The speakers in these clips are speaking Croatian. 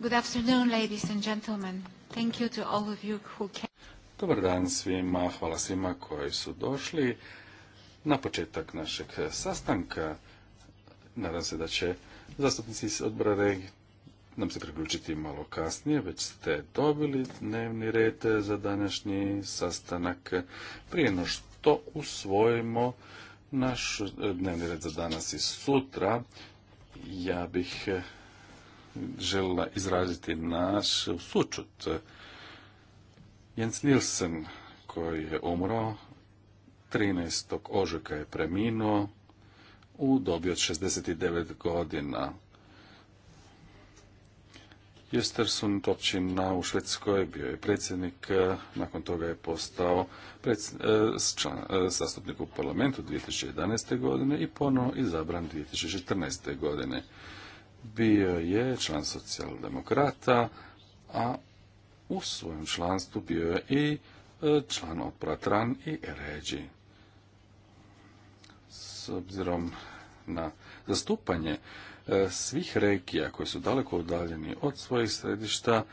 Good afternoon, ladies and gentlemen. Thank you to all of you who came. Dobar dan svima, hvala svima koji su došli na početak našeg sastanka. Nadam se da će zastupnici iz odbora nam se priključiti malo kasnije, već ste dobili dnevni red za današnji sastanak. Prije no što usvojimo naš dnevni red za danas i sutra, ja bih željela izraziti naš sučut. Jens Nilsen, koji je umro, 13. ožujka je preminuo u dobi od 69 godina. Jestersund općina u Švedskoj bio je predsjednik, nakon toga je postao e, e, zastupnik u parlamentu 2011. godine i ponovo izabran 2014. godine bio je član socijaldemokrata, a u svojem članstvu bio je i e, član opratran i ređi. S obzirom na zastupanje e, svih regija koji su daleko udaljeni od svojih središta,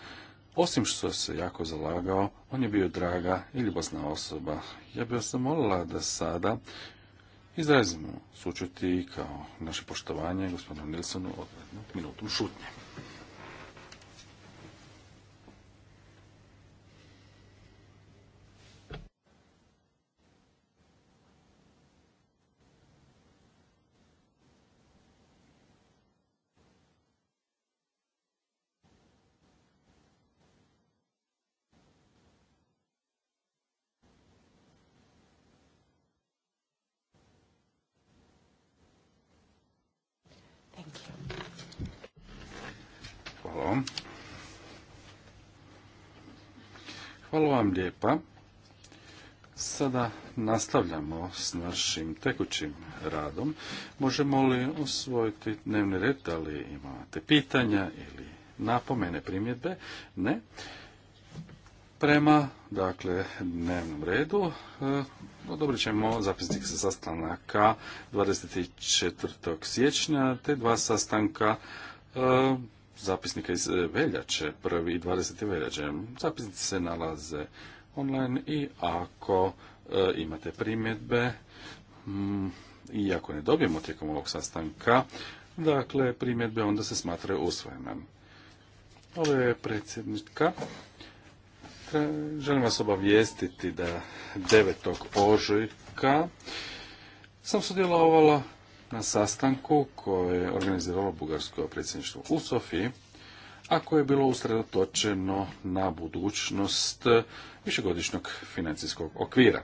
osim što se jako zalagao, on je bio draga i ljubosna osoba. Ja bih vas molila da sada izrazimo sučuti kao naše poštovanje gospodinu Nilsonu od minutu šutnje. Hvala vam lijepa. Sada nastavljamo s našim tekućim radom. Možemo li osvojiti dnevni red, da li imate pitanja ili napomene, primjedbe? Ne. Prema, dakle, dnevnom redu eh, odobrit ćemo zapisnik sa sastanaka 24. siječnja te dva sastanka eh, zapisnika iz e, veljače, prvi i 20. veljače. Zapisnici se nalaze online i ako e, imate primjedbe mm, i ako ne dobijemo tijekom ovog sastanka, dakle primjedbe onda se smatraju usvojenim. Ovo je predsjednika. E, želim vas obavijestiti da 9. ožujka sam sudjelovala na sastanku koje je organiziralo Bugarsko predsjedništvo u Sofiji, a koje je bilo usredotočeno na budućnost višegodišnjeg financijskog okvira.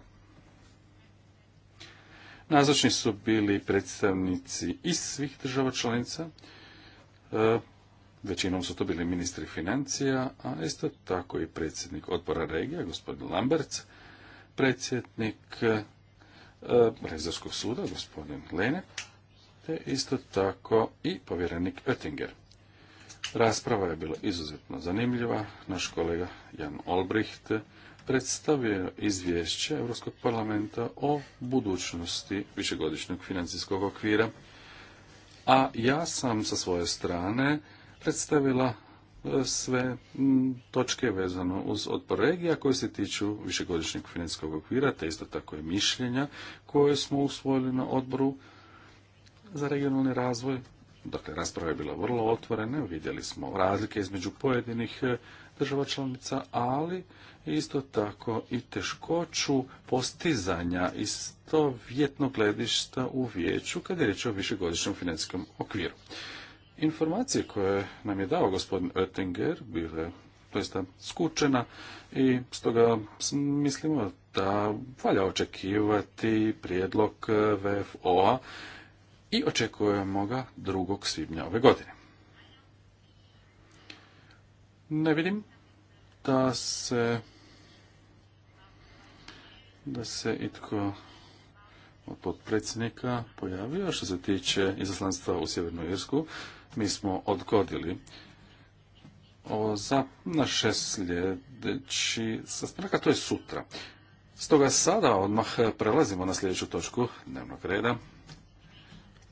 Nazočni su bili predstavnici iz svih država članica, e, većinom su to bili ministri financija, a isto tako i predsjednik odbora regija, gospodin Lamberts, predsjednik e, Revizorskog suda, gospodin Lene, te isto tako i povjerenik Oettinger. Rasprava je bila izuzetno zanimljiva. Naš kolega Jan Olbricht predstavio izvješće Europskog parlamenta o budućnosti višegodišnjeg financijskog okvira, a ja sam sa svoje strane predstavila e, sve točke vezano uz odbor regija koje se tiču višegodišnjeg financijskog okvira, te isto tako i mišljenja koje smo usvojili na odboru za regionalni razvoj. Dakle, rasprava je bila vrlo otvorena, vidjeli smo razlike između pojedinih e, država članica, ali isto tako i teškoću postizanja istovjetnog gledišta u vijeću kada je riječ o višegodišnjem financijskom okviru. Informacije koje nam je dao gospodin Oettinger bile doista skučena i stoga mislimo da valja očekivati prijedlog e, VFO-a i očekujemo ga 2. svibnja ove godine. Ne vidim da se da se itko od potpredsjednika pojavio što se tiče izaslanstva u Sjevernu Irsku. Mi smo odgodili ovo za naš sljedeći sastanak, a to je sutra. Stoga sada odmah prelazimo na sljedeću točku dnevnog reda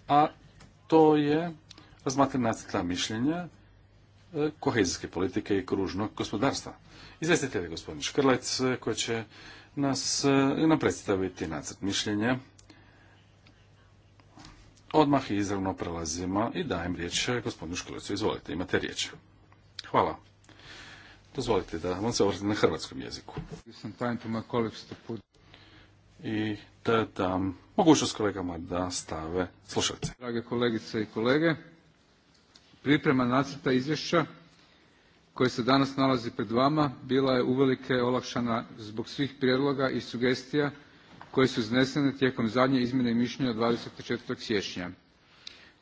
a to je razmatranje nacrta mišljenja e, kohezijske politike i kružnog gospodarstva. Izvestitelj je gospodin Škrlec e, koji će nas, e, nam predstaviti nacrt mišljenja. Odmah izravno prelazimo i dajem riječ gospodinu Škrlecu. Izvolite, imate riječ. Hvala. Dozvolite da vam se obratim na hrvatskom jeziku i te dam mogućnost kolegama da stave slušalice. Drage kolegice i kolege, priprema nacrta izvješća koje se danas nalazi pred vama bila je uvelike olakšana zbog svih prijedloga i sugestija koje su iznesene tijekom zadnje izmjene i mišljenja 24. siječnja.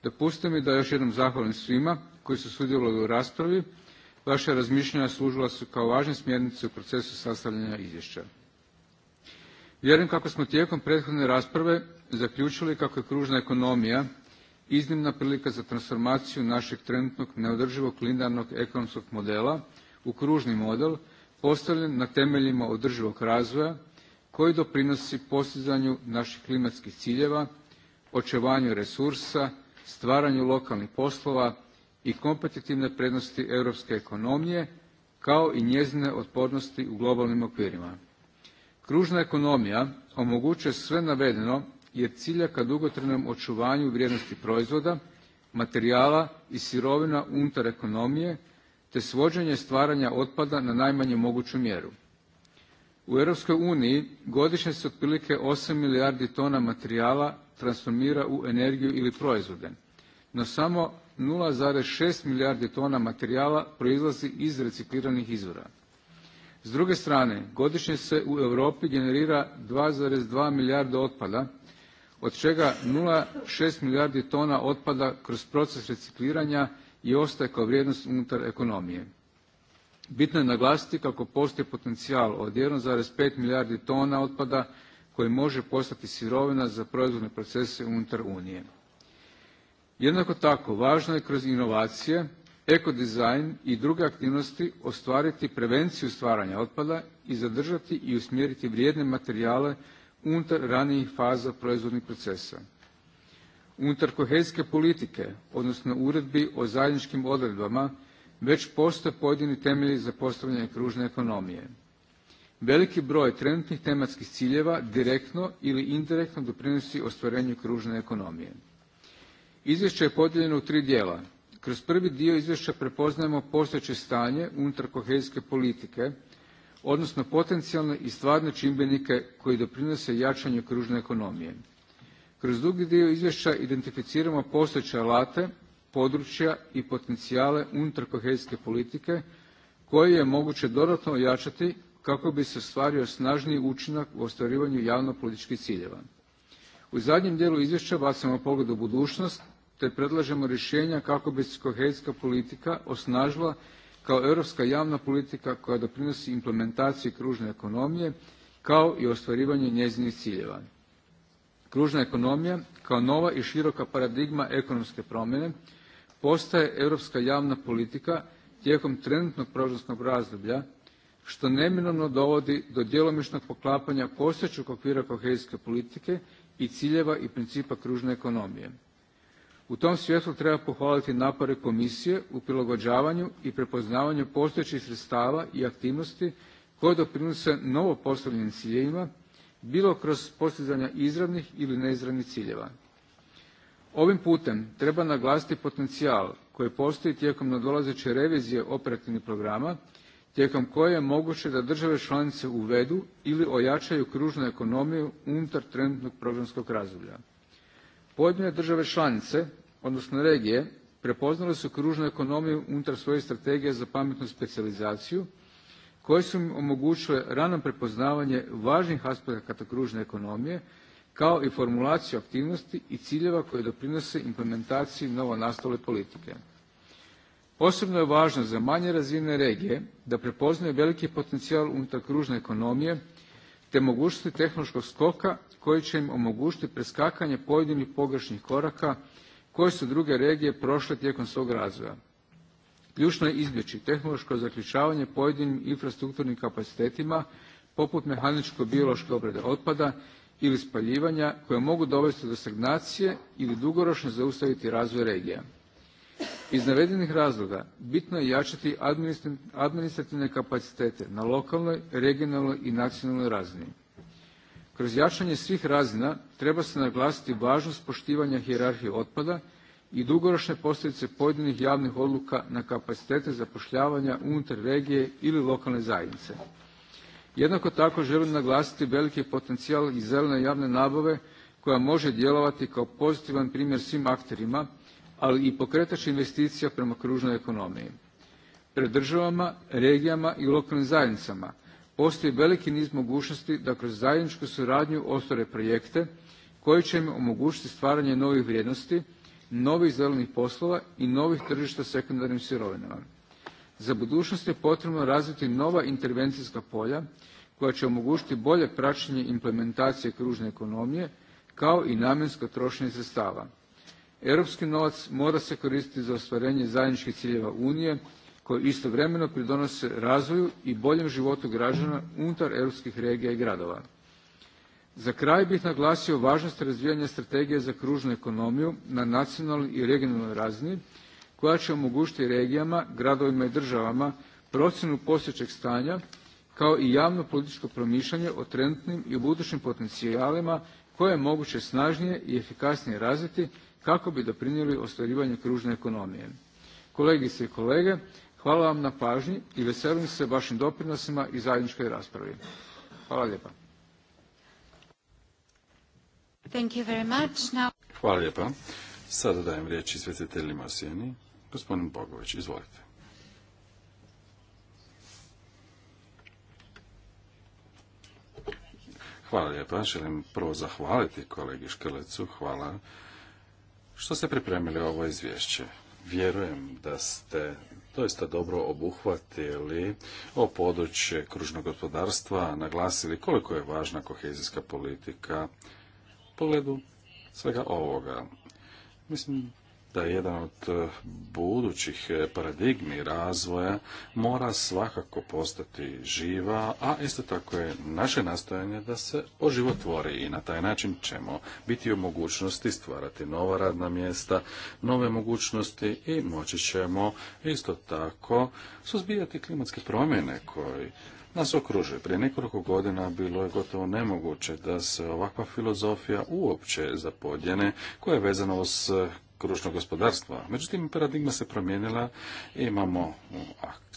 Dopustite mi da još jednom zahvalim svima koji su sudjelovali u raspravi. Vaša razmišljanja služila su kao važne smjernice u procesu sastavljanja izvješća. Vjerujem kako smo tijekom prethodne rasprave zaključili kako je kružna ekonomija iznimna prilika za transformaciju našeg trenutnog neodrživog linearnog ekonomskog modela u kružni model postavljen na temeljima održivog razvoja koji doprinosi postizanju naših klimatskih ciljeva, očuvanju resursa, stvaranju lokalnih poslova i kompetitivne prednosti europske ekonomije kao i njezine otpornosti u globalnim okvirima. Kružna ekonomija omogućuje sve navedeno jer cilja ka dugotrajnom očuvanju vrijednosti proizvoda, materijala i sirovina unutar ekonomije te svođenje stvaranja otpada na najmanju moguću mjeru. U Europskoj uniji godišnje se otprilike 8 milijardi tona materijala transformira u energiju ili proizvode, no samo 0,6 milijardi tona materijala proizlazi iz recikliranih izvora. S druge strane, godišnje se u Europi generira 2,2 milijarde otpada, od čega 0,6 milijardi tona otpada kroz proces recikliranja i ostaje kao vrijednost unutar ekonomije. Bitno je naglasiti kako postoji potencijal od five milijardi tona otpada koji može postati sirovina za proizvodne procese unutar Unije. Jednako tako, važno je kroz inovacije Eko dizajn i druge aktivnosti ostvariti prevenciju stvaranja otpada i zadržati i usmjeriti vrijedne materijale unutar ranijih faza proizvodnih procesa. Unutar kohezijske politike, odnosno uredbi o zajedničkim odredbama, već postoje pojedini temelji za postavljanje kružne ekonomije. Veliki broj trenutnih tematskih ciljeva direktno ili indirektno doprinosi ostvarenju kružne ekonomije. Izvješće je podijeljeno u tri dijela kroz prvi dio izvješća prepoznajemo postojeće stanje unutar kohezijske politike, odnosno potencijalne i stvarne čimbenike koji doprinose jačanju kružne ekonomije. Kroz drugi dio izvješća identificiramo postojeće alate, područja i potencijale unutar kohezijske politike koje je moguće dodatno ojačati kako bi se ostvario snažniji učinak u ostvarivanju javnopolitičkih ciljeva. U zadnjem dijelu izvješća bacamo pogled u budućnost te predlažemo rješenja kako bi se kohezijska politika osnažila kao europska javna politika koja doprinosi implementaciji kružne ekonomije kao i ostvarivanju njezinih ciljeva. Kružna ekonomija kao nova i široka paradigma ekonomske promjene postaje europska javna politika tijekom trenutnog proračunskog razdoblja što neminovno dovodi do djelomičnog poklapanja postojećeg okvira kohezijske politike i ciljeva i principa kružne ekonomije. U tom svjetlu treba pohvaliti napore komisije u prilagođavanju i prepoznavanju postojećih sredstava i aktivnosti koje doprinose novo postavljenim ciljevima, bilo kroz postizanja izravnih ili neizravnih ciljeva. Ovim putem treba naglasiti potencijal koji postoji tijekom nadolazeće revizije operativnih programa, tijekom koje je moguće da države članice uvedu ili ojačaju kružnu ekonomiju unutar trenutnog programskog razdoblja pojedine države članice odnosno regije prepoznale su kružnu ekonomiju unutar svoje strategije za pametnu specijalizaciju koje su im omogućile rano prepoznavanje važnih aspekata kružne ekonomije kao i formulaciju aktivnosti i ciljeva koje doprinose implementaciji novonastale politike. Posebno je važno za manje razvijene regije da prepoznaju veliki potencijal unutar kružne ekonomije te mogućnosti tehnološkog skoka koji će im omogućiti preskakanje pojedinih pogrešnih koraka koje su druge regije prošle tijekom svog razvoja. Ključno je izbjeći tehnološko zaključavanje pojedinim infrastrukturnim kapacitetima poput mehaničko-biološke obrade otpada ili spaljivanja koje mogu dovesti do stagnacije ili dugoročno zaustaviti razvoj regija. Iz navedenih razloga bitno je jačati administrativne kapacitete na lokalnoj, regionalnoj i nacionalnoj razini. Kroz jačanje svih razina treba se naglasiti važnost poštivanja hijerarhije otpada i dugoročne posljedice pojedinih javnih odluka na kapacitete zapošljavanja unutar regije ili lokalne zajednice. Jednako tako želim naglasiti veliki potencijal i zelene javne nabave koja može djelovati kao pozitivan primjer svim akterima ali i pokretač investicija prema kružnoj ekonomiji. Pred državama, regijama i lokalnim zajednicama postoji veliki niz mogućnosti da kroz zajedničku suradnju ostvare projekte koji će im omogućiti stvaranje novih vrijednosti, novih zelenih poslova i novih tržišta sekundarnim sirovinama. Za budućnost je potrebno razviti nova intervencijska polja koja će omogućiti bolje praćenje implementacije kružne ekonomije kao i namjensko trošenje sredstava. Europski novac mora se koristiti za ostvarenje zajedničkih ciljeva Unije koji istovremeno pridonose razvoju i boljem životu građana unutar europskih regija i gradova. Za kraj bih naglasio važnost razvijanja strategije za kružnu ekonomiju na nacionalnoj i regionalnoj razini koja će omogućiti regijama, gradovima i državama procjenu postojećeg stanja kao i javno političko promišljanje o trenutnim i budućim potencijalima koje je moguće snažnije i efikasnije razviti kako bi doprinijeli ostvarivanju kružne ekonomije. Kolegice i kolege, hvala vam na pažnji i veselim se vašim doprinosima i zajedničkoj raspravi. Hvala lijepa. Thank Hvala lijepa. Sada dajem riječ izvjestiteljima sjeni. Gospodin Bogović, izvolite. Hvala lijepa. Želim prvo zahvaliti kolegi Škrlecu. Hvala što ste pripremili ovo izvješće. Vjerujem da ste doista dobro obuhvatili o područje kružnog gospodarstva, naglasili koliko je važna kohezijska politika u pogledu svega ovoga. Mislim da jedan od e, budućih e, paradigmi razvoja mora svakako postati živa, a isto tako je naše nastojanje da se oživotvori i na taj način ćemo biti u mogućnosti stvarati nova radna mjesta, nove mogućnosti i moći ćemo isto tako suzbijati klimatske promjene koji nas okružuje. Prije nekoliko godina bilo je gotovo nemoguće da se ovakva filozofija uopće zapodjene koja je vezana uz kružnog gospodarstva. Međutim, paradigma se promijenila, i imamo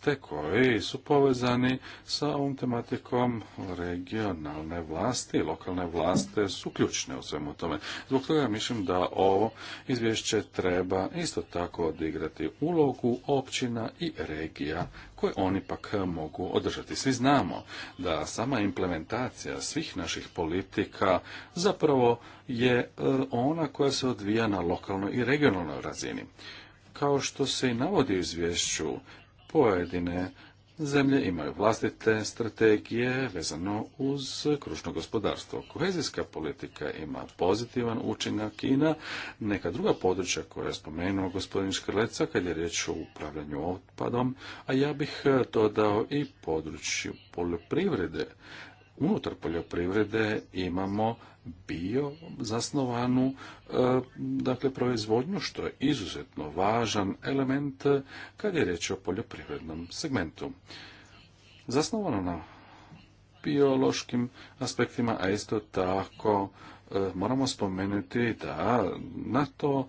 te koji su povezani sa ovom tematikom regionalne vlasti i lokalne vlasti su ključne u svemu tome. Zbog toga mislim da ovo izvješće treba isto tako odigrati ulogu općina i regija koje oni pak mogu održati. Svi znamo da sama implementacija svih naših politika zapravo je e, ona koja se odvija na lokalnoj i regionalnoj razini. Kao što se i navodi u izvješću, pojedine zemlje imaju vlastite strategije vezano uz kružno gospodarstvo. Kohezijska politika ima pozitivan učinak i na neka druga područja koja je spomenuo gospodin Škrleca kad je riječ o upravljanju otpadom, a ja bih to e, dodao i području poljoprivrede. Unutar poljoprivrede imamo bio zasnovanu e, dakle proizvodnju što je izuzetno važan element e, kad je riječ o poljoprivrednom segmentu. Zasnovano na biološkim aspektima, a isto tako e, moramo spomenuti da na to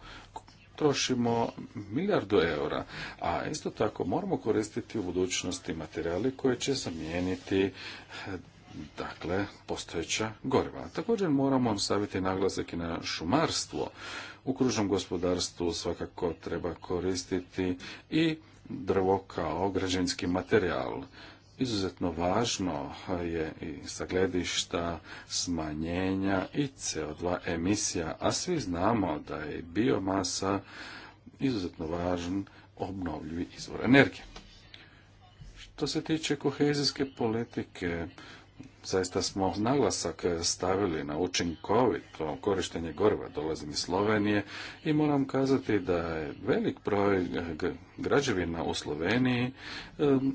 trošimo milijardu eura, a isto tako moramo koristiti u budućnosti materijale koje će zamijeniti dakle, postojeća goriva. Također moramo staviti naglasak i na šumarstvo. U kružnom gospodarstvu svakako treba koristiti i drvo kao građanski materijal. Izuzetno važno je i sa gledišta smanjenja i CO2 emisija, a svi znamo da je biomasa izuzetno važan obnovljivi izvor energije. Što se tiče kohezijske politike, zaista smo naglasak stavili na učinkovito korištenje goriva. Dolazim iz Slovenije i moram kazati da je velik broj građevina u Sloveniji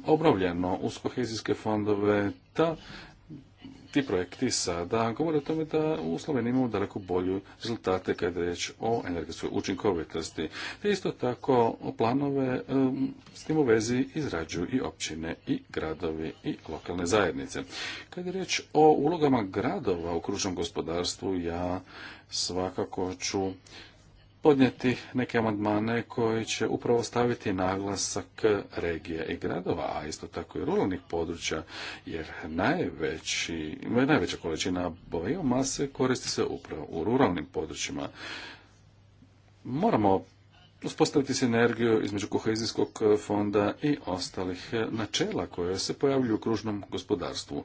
obnovljeno uz kohezijske fondove. Ta ti projekti sada govore o tome da u Sloveniji imamo daleko bolju rezultate kad je riječ o energetskoj učinkovitosti. Te isto tako planove s tim u vezi izrađuju i općine i gradovi i lokalne zajednice. Kad je riječ o ulogama gradova u kružnom gospodarstvu, ja svakako ću podnijeti neke amandmane koji će upravo staviti naglasak regije i gradova, a isto tako i ruralnih područja, jer najveći, najveća količina biomase koristi se upravo u ruralnim područjima. Moramo uspostaviti sinergiju između kohezijskog fonda i ostalih načela koje se pojavljuju u kružnom gospodarstvu.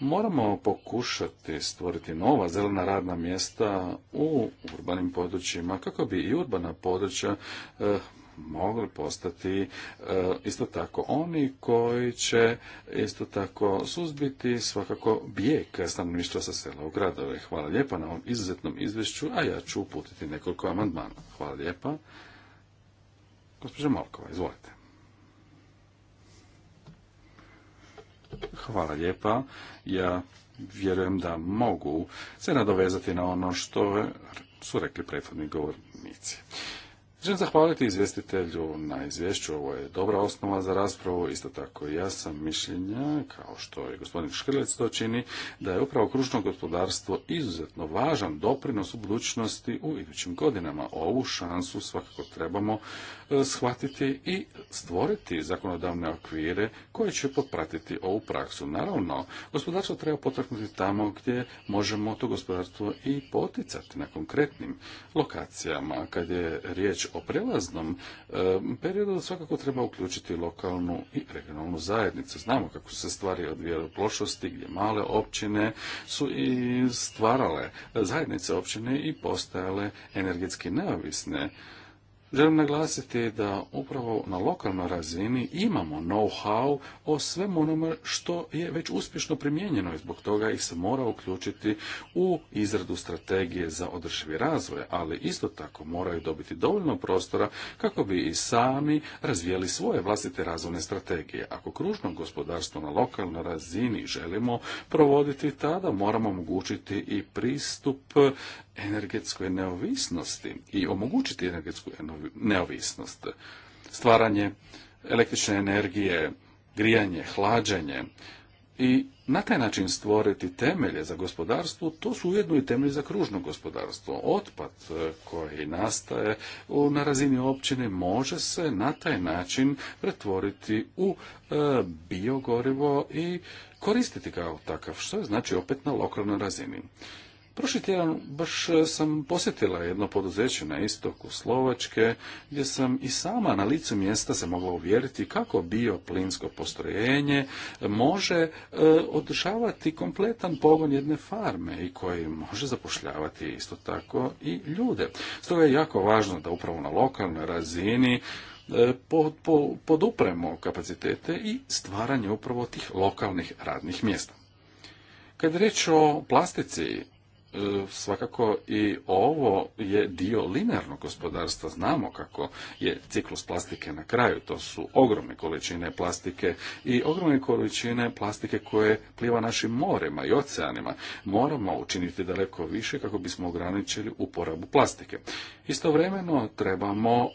Moramo pokušati stvoriti nova zelena radna mjesta u urbanim područjima kako bi i urbana područja mogle eh, mogli postati eh, isto tako oni koji će isto tako suzbiti svakako bijek stanovništva sa sela u gradove. Hvala lijepa na ovom izuzetnom izvješću, a ja ću uputiti nekoliko amandmana. Hvala lijepa. Gospođa Malkova, izvolite. Hvala lijepa. Ja vjerujem da mogu se nadovezati na ono što su rekli prethodni govornici. Želim zahvaliti izvjestitelju na izvješću, ovo je dobra osnova za raspravu, isto tako i ja sam mišljenja, kao što je gospodin Škrlec to čini, da je upravo kružno gospodarstvo izuzetno važan doprinos u budućnosti u idućim godinama. Ovu šansu svakako trebamo E, shvatiti i stvoriti zakonodavne okvire koje će popratiti ovu praksu. Naravno, gospodarstvo treba potaknuti tamo gdje možemo to gospodarstvo i poticati na konkretnim lokacijama. Kad je riječ o prelaznom e, periodu, svakako treba uključiti lokalnu i regionalnu zajednicu. Znamo kako se stvari odvijaju u gdje male općine su i stvarale zajednice općine i postajale energetski neovisne Želim naglasiti da upravo na lokalnoj razini imamo know-how o svemu onome što je već uspješno primijenjeno i zbog toga ih se mora uključiti u izradu strategije za održivi razvoj, ali isto tako moraju dobiti dovoljno prostora kako bi i sami razvijeli svoje vlastite razvojne strategije. Ako kružno gospodarstvo na lokalnoj razini želimo provoditi, tada moramo omogućiti i pristup energetskoj neovisnosti i omogućiti energetsku neovisnost, stvaranje električne energije, grijanje, hlađenje i na taj način stvoriti temelje za gospodarstvo, to su ujedno i temelji za kružno gospodarstvo. Otpad e, koji nastaje na razini općine može se na taj način pretvoriti u e, biogorivo i koristiti kao takav, što je znači opet na lokalnoj razini. Prošli tjedan baš sam posjetila jedno poduzeće na istoku Slovačke, gdje sam i sama na licu mjesta se mogla uvjeriti kako bioplinsko postrojenje može e, održavati kompletan pogon jedne farme i koji može zapošljavati isto tako i ljude. Stoga je jako važno da upravo na lokalnoj razini e, podupremo kapacitete i stvaranje upravo tih lokalnih radnih mjesta. Kad je riječ o plastici, E, svakako i ovo je dio linearnog gospodarstva. Znamo kako je ciklus plastike na kraju. To su ogromne količine plastike i ogromne količine plastike koje pliva našim morema i oceanima. Moramo učiniti daleko više kako bismo ograničili uporabu plastike. Istovremeno trebamo e,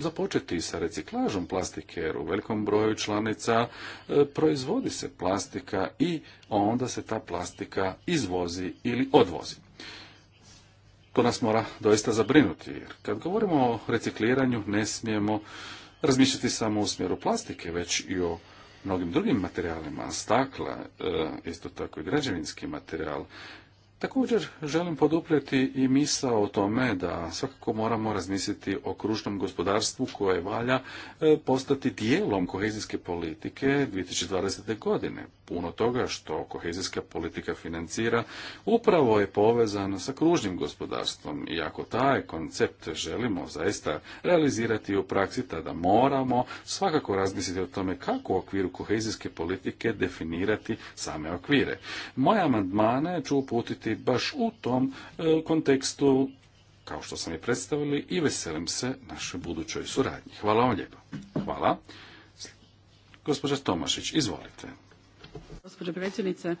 započeti sa reciklažom plastike jer u velikom broju članica e, proizvodi se plastika i onda se ta plastika izvozi ili odvozi. To nas mora doista zabrinuti, jer kad govorimo o recikliranju ne smijemo razmišljati samo u smjeru plastike, već i o mnogim drugim materijalima, stakla, e, isto tako i građevinski materijal, Također želim poduprijeti i misao o tome da svakako moramo razmisliti o kružnom gospodarstvu koje valja e, postati dijelom kohezijske politike 2020. godine. Puno toga što kohezijska politika financira upravo je povezano sa kružnim gospodarstvom i ako taj koncept želimo zaista realizirati u praksi, tada moramo svakako razmisliti o tome kako u okviru kohezijske politike definirati same okvire. Moje amandmane ću uputiti baš u tom e, kontekstu kao što sam i predstavili i veselim se našoj budućoj suradnji. Hvala vam lijepo. Hvala. Gospođa Tomašić, izvolite. Gospođo predsjednice,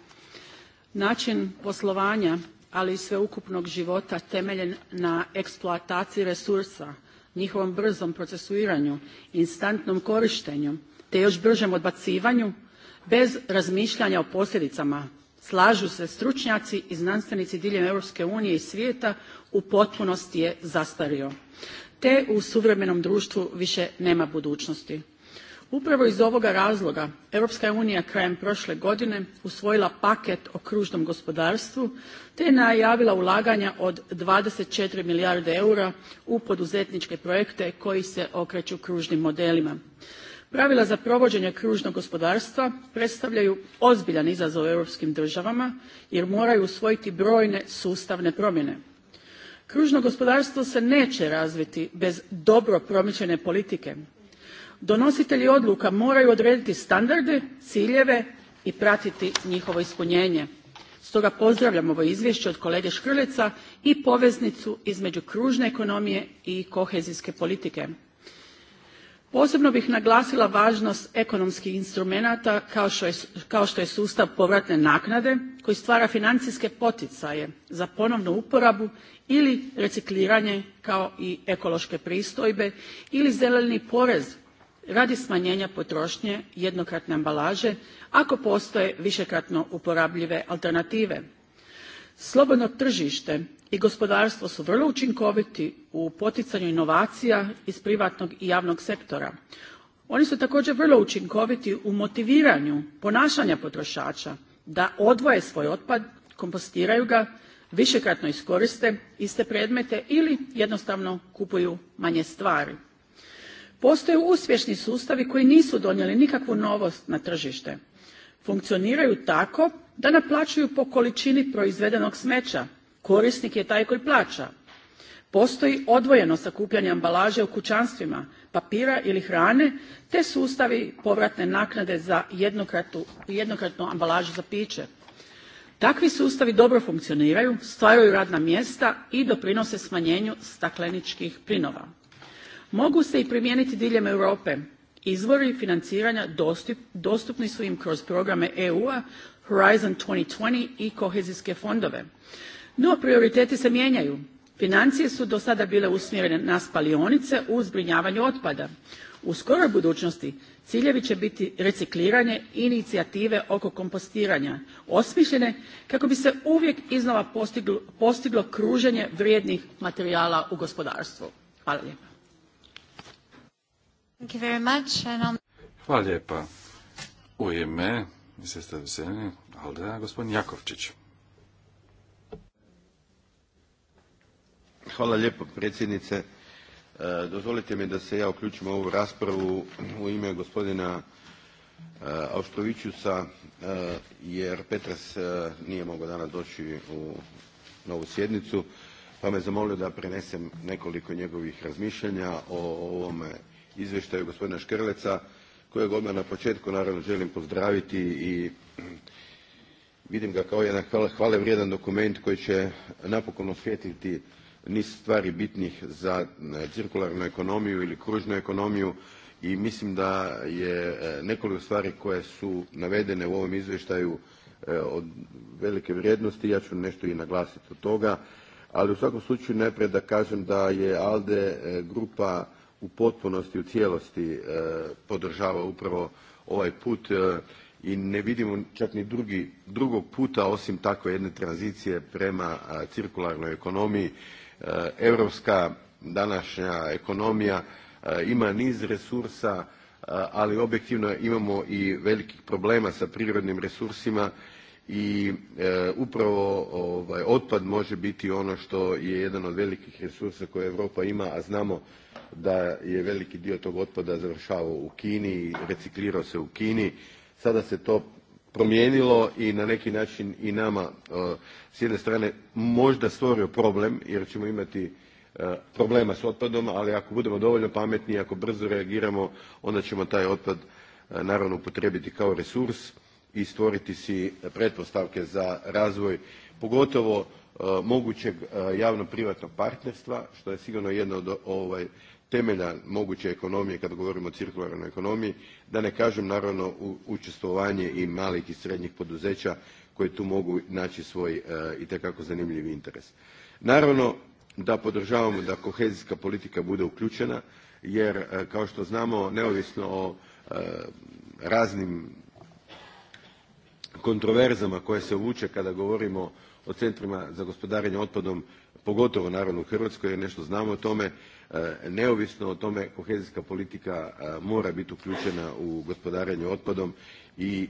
način poslovanja, ali i sveukupnog života temeljen na eksploataciji resursa, njihovom brzom procesuiranju, instantnom korištenju, te još bržem odbacivanju, bez razmišljanja o posljedicama slažu se stručnjaci i znanstvenici diljem Europske unije i svijeta u potpunosti je zastario te u suvremenom društvu više nema budućnosti. Upravo iz ovoga razloga Europska unija krajem prošle godine usvojila paket o kružnom gospodarstvu te je najavila ulaganja od 24 milijarde eura u poduzetničke projekte koji se okreću kružnim modelima pravila za provođenje kružnog gospodarstva predstavljaju ozbiljan izazov europskim državama jer moraju usvojiti brojne sustavne promjene kružno gospodarstvo se neće razviti bez dobro promišljene politike donositelji odluka moraju odrediti standarde ciljeve i pratiti njihovo ispunjenje stoga pozdravljam ovo izvješće od kolege škrleca i poveznicu između kružne ekonomije i kohezijske politike Posebno bih naglasila važnost ekonomskih instrumenata kao što, je, sustav povratne naknade koji stvara financijske poticaje za ponovnu uporabu ili recikliranje kao i ekološke pristojbe ili zeleni porez radi smanjenja potrošnje jednokratne ambalaže ako postoje višekratno uporabljive alternative. Slobodno tržište i gospodarstvo su vrlo učinkoviti u poticanju inovacija iz privatnog i javnog sektora. Oni su također vrlo učinkoviti u motiviranju ponašanja potrošača da odvoje svoj otpad, kompostiraju ga, višekratno iskoriste iste predmete ili jednostavno kupuju manje stvari. Postoje uspješni sustavi koji nisu donijeli nikakvu novost na tržište. Funkcioniraju tako da naplaćuju po količini proizvedenog smeća, Korisnik je taj koji plaća. Postoji odvojeno sakupljanje ambalaže u kućanstvima, papira ili hrane, te sustavi povratne naknade za jednokratnu ambalažu za piće. Takvi sustavi dobro funkcioniraju, stvaraju radna mjesta i doprinose smanjenju stakleničkih plinova. Mogu se i primijeniti diljem Europe. Izvori financiranja dostupni su im kroz programe EU-a, Horizon 2020 i kohezijske fondove. No, prioriteti se mijenjaju. Financije su do sada bile usmjerene na spalionice u zbrinjavanju otpada. U skoroj budućnosti ciljevi će biti recikliranje i inicijative oko kompostiranja, osmišljene kako bi se uvijek iznova postiglo, kruženje vrijednih materijala u gospodarstvu. Hvala lijepa. U gospodin Jakovčić. Hvala lijepo predsjednice. E, dozvolite mi da se ja uključim u ovu raspravu u ime gospodina e, Austrovićusa, e, jer Petras nije mogao danas doći u novu sjednicu pa me zamolio da prenesem nekoliko njegovih razmišljanja o ovome izvještaju gospodina Škrleca kojeg odmah na početku naravno želim pozdraviti i vidim ga kao jedan hvale vrijedan dokument koji će napokon osvijetliti niz stvari bitnih za eh, cirkularnu ekonomiju ili kružnu ekonomiju i mislim da je eh, nekoliko stvari koje su navedene u ovom izvještaju eh, od velike vrijednosti ja ću nešto i naglasiti od toga ali u svakom slučaju najprije da kažem da je alde grupa u potpunosti u cijelosti podržava upravo ovaj put i ne vidimo čak ni drugog puta osim takve jedne tranzicije prema cirkularnoj ekonomiji Europska današnja ekonomija e, ima niz resursa, e, ali objektivno imamo i velikih problema sa prirodnim resursima i e, upravo ovaj, otpad može biti ono što je jedan od velikih resursa koje Europa ima, a znamo da je veliki dio tog otpada završavao u Kini i reciklirao se u Kini. Sada se to promijenilo i na neki način i nama e, s jedne strane možda stvorio problem jer ćemo imati e, problema s otpadom, ali ako budemo dovoljno pametni i ako brzo reagiramo onda ćemo taj otpad e, naravno upotrijebiti kao resurs i stvoriti si pretpostavke za razvoj pogotovo mogućeg javno privatnog partnerstva što je sigurno jedna od ovaj, temelja moguće ekonomije kada govorimo o cirkularnoj ekonomiji da ne kažem naravno u učestvovanje i malih i srednjih poduzeća koji tu mogu naći svoj e, itekako zanimljiv interes. Naravno da podržavamo da kohezijska politika bude uključena jer e, kao što znamo neovisno o e, raznim kontroverzama koje se vuče kada govorimo o centrima za gospodarenje otpadom pogotovo naravno u Hrvatskoj jer nešto znamo o tome E, neovisno o tome kohezijska politika e, mora biti uključena u gospodarenje otpadom i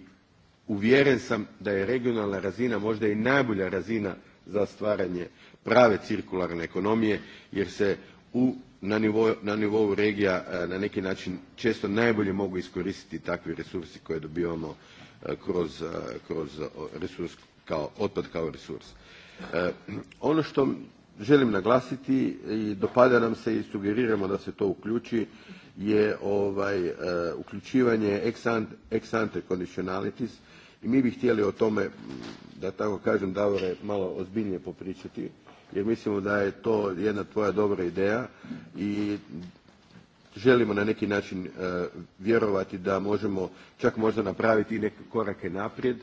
uvjeren sam da je regionalna razina možda i najbolja razina za stvaranje prave cirkularne ekonomije jer se u, na, nivou regija e, na neki način često najbolje mogu iskoristiti takvi resursi koje dobivamo kroz, resurs kao, otpad kao resurs. ono što želim naglasiti i dopada nam se i sugeriramo da se to uključi je ovaj, e, uključivanje ex ante, ex conditionalities i mi bi htjeli o tome, da tako kažem, Davore, malo ozbiljnije popričati, jer mislimo da je to jedna tvoja dobra ideja i želimo na neki način e, vjerovati da možemo čak možda napraviti i neke korake naprijed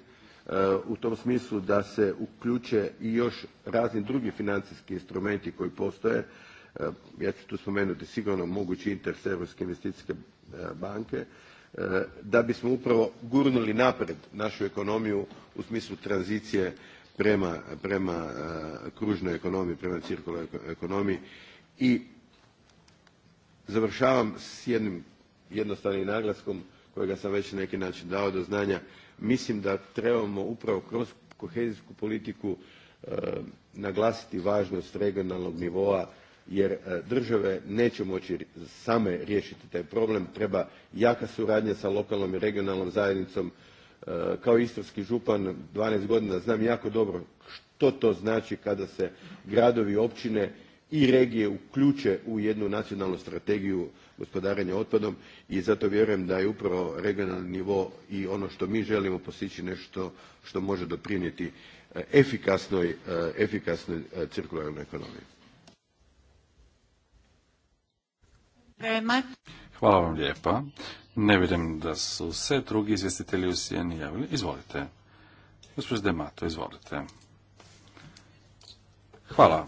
u tom smislu da se uključe i još razni drugi financijski instrumenti koji postoje. E, ja ću tu spomenuti sigurno mogući interes Europske investicijske e, banke e, da bismo upravo gurnuli napred našu ekonomiju u smislu tranzicije prema, kružnoj ekonomiji, prema cirkularnoj ekonomiji i završavam s jednim jednostavnim naglaskom kojega sam već na neki način dao do znanja mislim da trebamo upravo kroz kohezijsku politiku e, naglasiti važnost regionalnog nivoa jer e, države neće moći same riješiti taj problem treba jaka suradnja sa lokalnom i regionalnom zajednicom e, kao istarski župan 12 godina znam jako dobro što to znači kada se gradovi i općine i regije uključe u jednu nacionalnu strategiju gospodarenja otpadom i zato vjerujem da je upravo regionalni nivo i ono što mi želimo postići nešto što može doprinijeti e, efikasnoj, e, efikasnoj e, cirkularnoj ekonomiji. Hvala vam lijepa. Ne vidim da su se drugi izvjestitelji u Sijeni javili. Izvolite. Gospodin Demato, izvolite. Hvala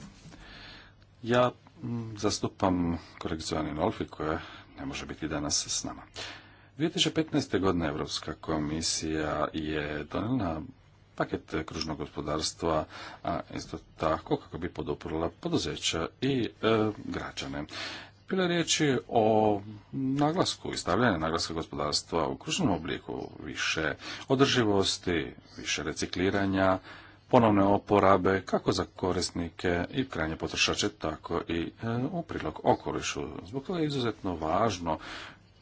ja mm, zastupam kolegicu Anin Olfi koja ne može biti danas s nama. 2015. godine Europska komisija je donijela paket kružnog gospodarstva, a isto tako kako bi poduprla poduzeća i e, građane. Bilo je riječi o naglasku i stavljanju naglaska gospodarstva u kružnom obliku više održivosti, više recikliranja, ponovne oporabe kako za korisnike i krajnje potrošače, tako i e, u prilog okolišu. Zbog toga je izuzetno važno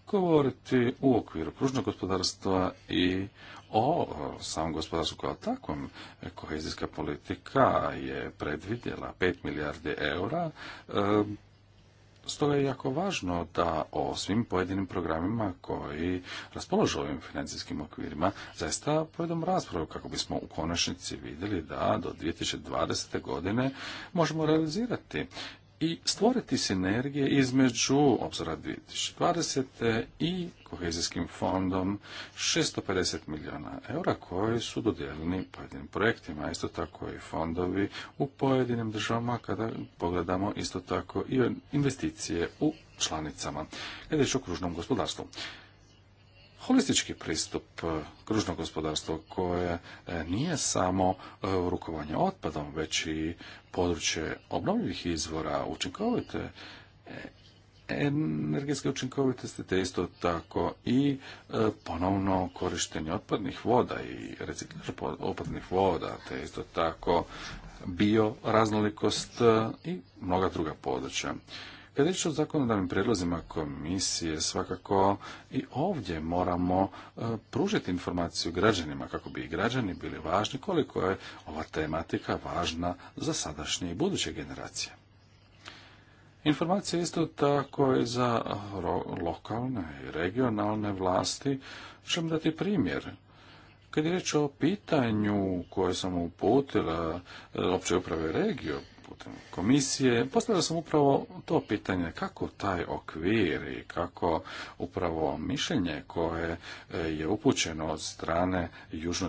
govoriti u okviru kružnog gospodarstva i o samom gospodarstvu kao takvom. E, kohezijska politika je predvidjela 5 milijardi eura e, Stoga je jako važno da o svim pojedinim programima koji raspoložu ovim financijskim okvirima zaista pojedom raspravu kako bismo u konačnici vidjeli da do 2020. godine možemo realizirati i stvoriti sinergije između obzora 2020. i kohezijskim fondom 650 milijuna eura koji su dodijeljeni pojedinim projektima, isto tako i fondovi u pojedinim državama kada pogledamo isto tako i investicije u članicama, kada je o kružnom gospodarstvu holistički pristup e, kružnog gospodarstvo koje e, nije samo e, rukovanje otpadom, već i područje obnovljivih izvora, učinkovite energetske učinkovitosti, te isto tako i ponovno korištenje otpadnih voda i reciklaž otpadnih voda, te isto tako bioraznolikost i mnoga druga područja. Kad je o zakonodavnim predlozima komisije, svakako i ovdje moramo e, pružiti informaciju građanima kako bi i građani bili važni koliko je ova tematika važna za sadašnje i buduće generacije. Informacija isto tako i za lokalne i regionalne vlasti. Želim dati primjer. Kad je riječ o pitanju koje sam uputila e, opće uprave regiju, putem komisije. Postavio sam upravo to pitanje kako taj okvir i kako upravo mišljenje koje e, je upućeno od strane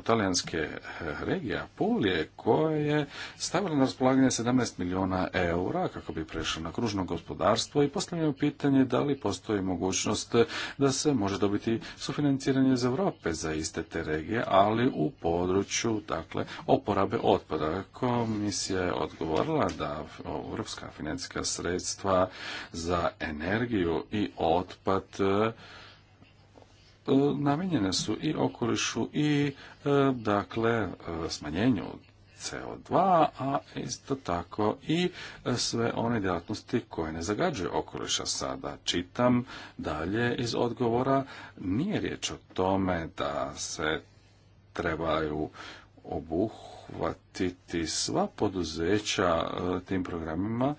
talijanske e, regije Apulije koje je stavilo na raspolaganje 17 milijuna eura kako bi prešlo na kružno gospodarstvo i postavljeno pitanje da li postoji mogućnost e, da se može dobiti sufinanciranje iz Europe za iste te regije, ali u području dakle oporabe otpada. Komisija je odgovorila da europska financijska sredstva za energiju i otpad e, namenjene su i okolišu i e, dakle e, smanjenju CO2, a isto tako i sve one djelatnosti koje ne zagađuju okoliša sada. Čitam dalje iz odgovora, nije riječ o tome da se trebaju obuh obuhvatiti sva poduzeća e, tim programima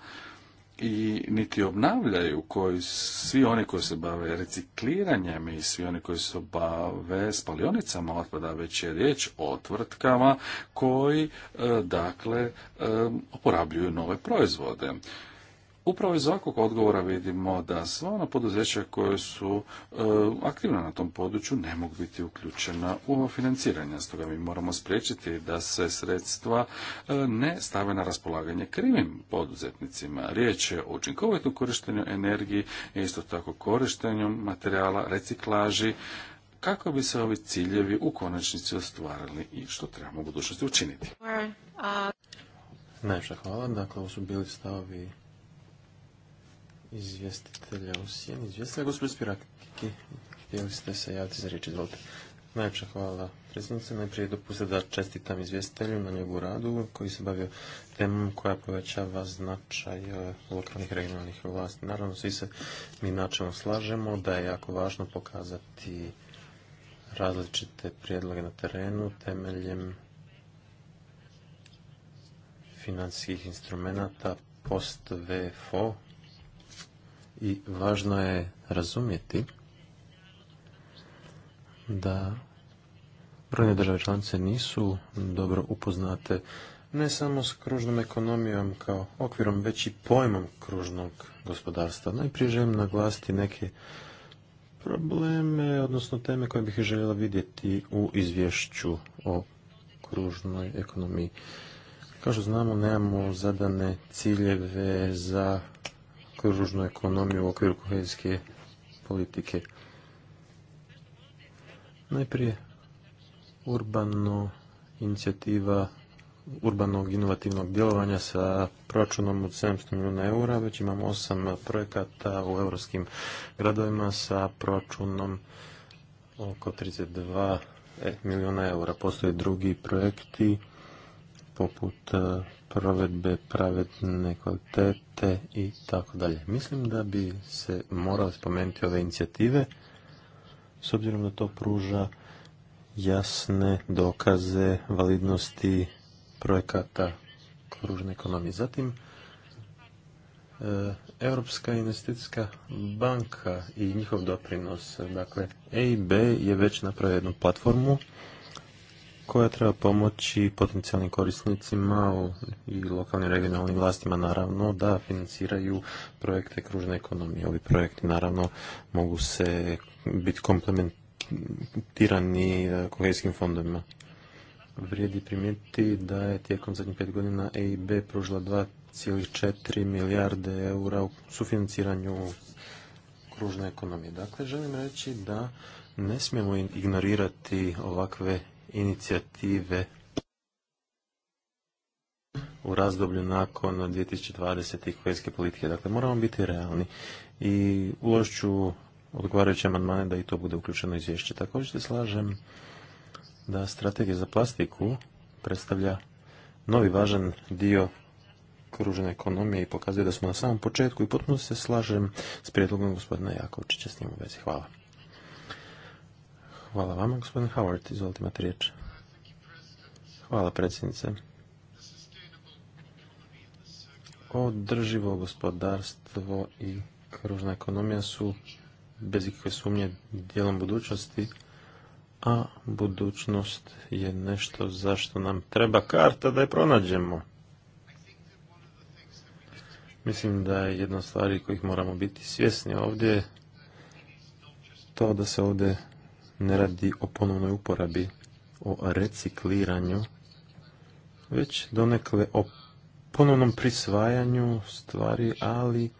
i niti obnavljaju koji svi oni koji se bave recikliranjem i svi oni koji se bave spalionicama otpada već je riječ o tvrtkama koji e, dakle oporabljuju e, nove proizvode Upravo iz ovakvog odgovora vidimo da sva ona poduzeća koje su e, aktivna na tom području ne mogu biti uključena u ovo financiranje. Stoga mi moramo spriječiti da se sredstva e, ne stave na raspolaganje krivim poduzetnicima. Riječ je o učinkovitom korištenju energiji i isto tako korištenju materijala, reciklaži, kako bi se ovi ciljevi u konačnici ostvarili i što trebamo u budućnosti učiniti. Uh, Najviše hvala. Dakle, ovo su bili stavovi izvjestitelja u sjeni. Izvjestitelja, gospodin Spiraki, htjeli ste se javiti za riječ, izvolite. Najveća hvala predsjednice. Najprije dopustite da čestitam izvjestitelju na njegovu radu koji se bavio temom koja povećava značaj e, lokalnih regionalnih vlasti. Naravno, svi se mi načinom slažemo da je jako važno pokazati različite prijedloge na terenu temeljem financijskih instrumenta post VFO i važno je razumjeti da brojne države članice nisu dobro upoznate ne samo s kružnom ekonomijom kao okvirom, već i pojmom kružnog gospodarstva. Najprije želim naglasiti neke probleme, odnosno teme koje bih željela vidjeti u izvješću o kružnoj ekonomiji. Kao što znamo, nemamo zadane ciljeve za kružnu ekonomiju u okviru kohezijske politike. Najprije urbano inicijativa urbanog inovativnog djelovanja sa proračunom od 700 milijuna eura. Već imamo osam projekata u europskim gradovima sa proračunom oko 32 milijuna eura. Postoje drugi projekti poput e, provedbe pravedne kvalitete i tako dalje. Mislim da bi se morali spomenuti ove inicijative s obzirom da to pruža jasne dokaze validnosti projekata kružne ekonomije. Zatim, e, Europska investicijska banka i njihov doprinos, dakle EIB je već napravio jednu platformu koja treba pomoći potencijalnim korisnicima i lokalnim regionalnim vlastima naravno da financiraju projekte kružne ekonomije. Ovi projekti naravno mogu se biti komplementirani e, kohezijskim fondovima. Vrijedi primijetiti da je tijekom zadnjih pet godina EIB pružila 2,4 milijarde eura u sufinanciranju kružne ekonomije. Dakle, želim reći da ne smijemo ignorirati ovakve inicijative u razdoblju nakon 2020. kvijeske politike. Dakle, moramo biti realni i ću odgovarajuće amandmane da i to bude uključeno izvješće. Također se slažem da strategija za plastiku predstavlja novi važan dio kružene ekonomije i pokazuje da smo na samom početku i potpuno se slažem s prijedlogom gospodina Jakovčića s njim u vezi. Hvala. Hvala vama, gospodin Howard. Izvolite, imate riječ. Hvala, predsjednice. Održivo gospodarstvo i kružna ekonomija su bez ikakve sumnje dijelom budućnosti, a budućnost je nešto zašto nam treba karta da je pronađemo. Mislim da je jedna od stvari kojih moramo biti svjesni ovdje to da se ovdje ne radi o ponovnoj uporabi, o recikliranju, već donekle o ponovnom prisvajanju stvari, ali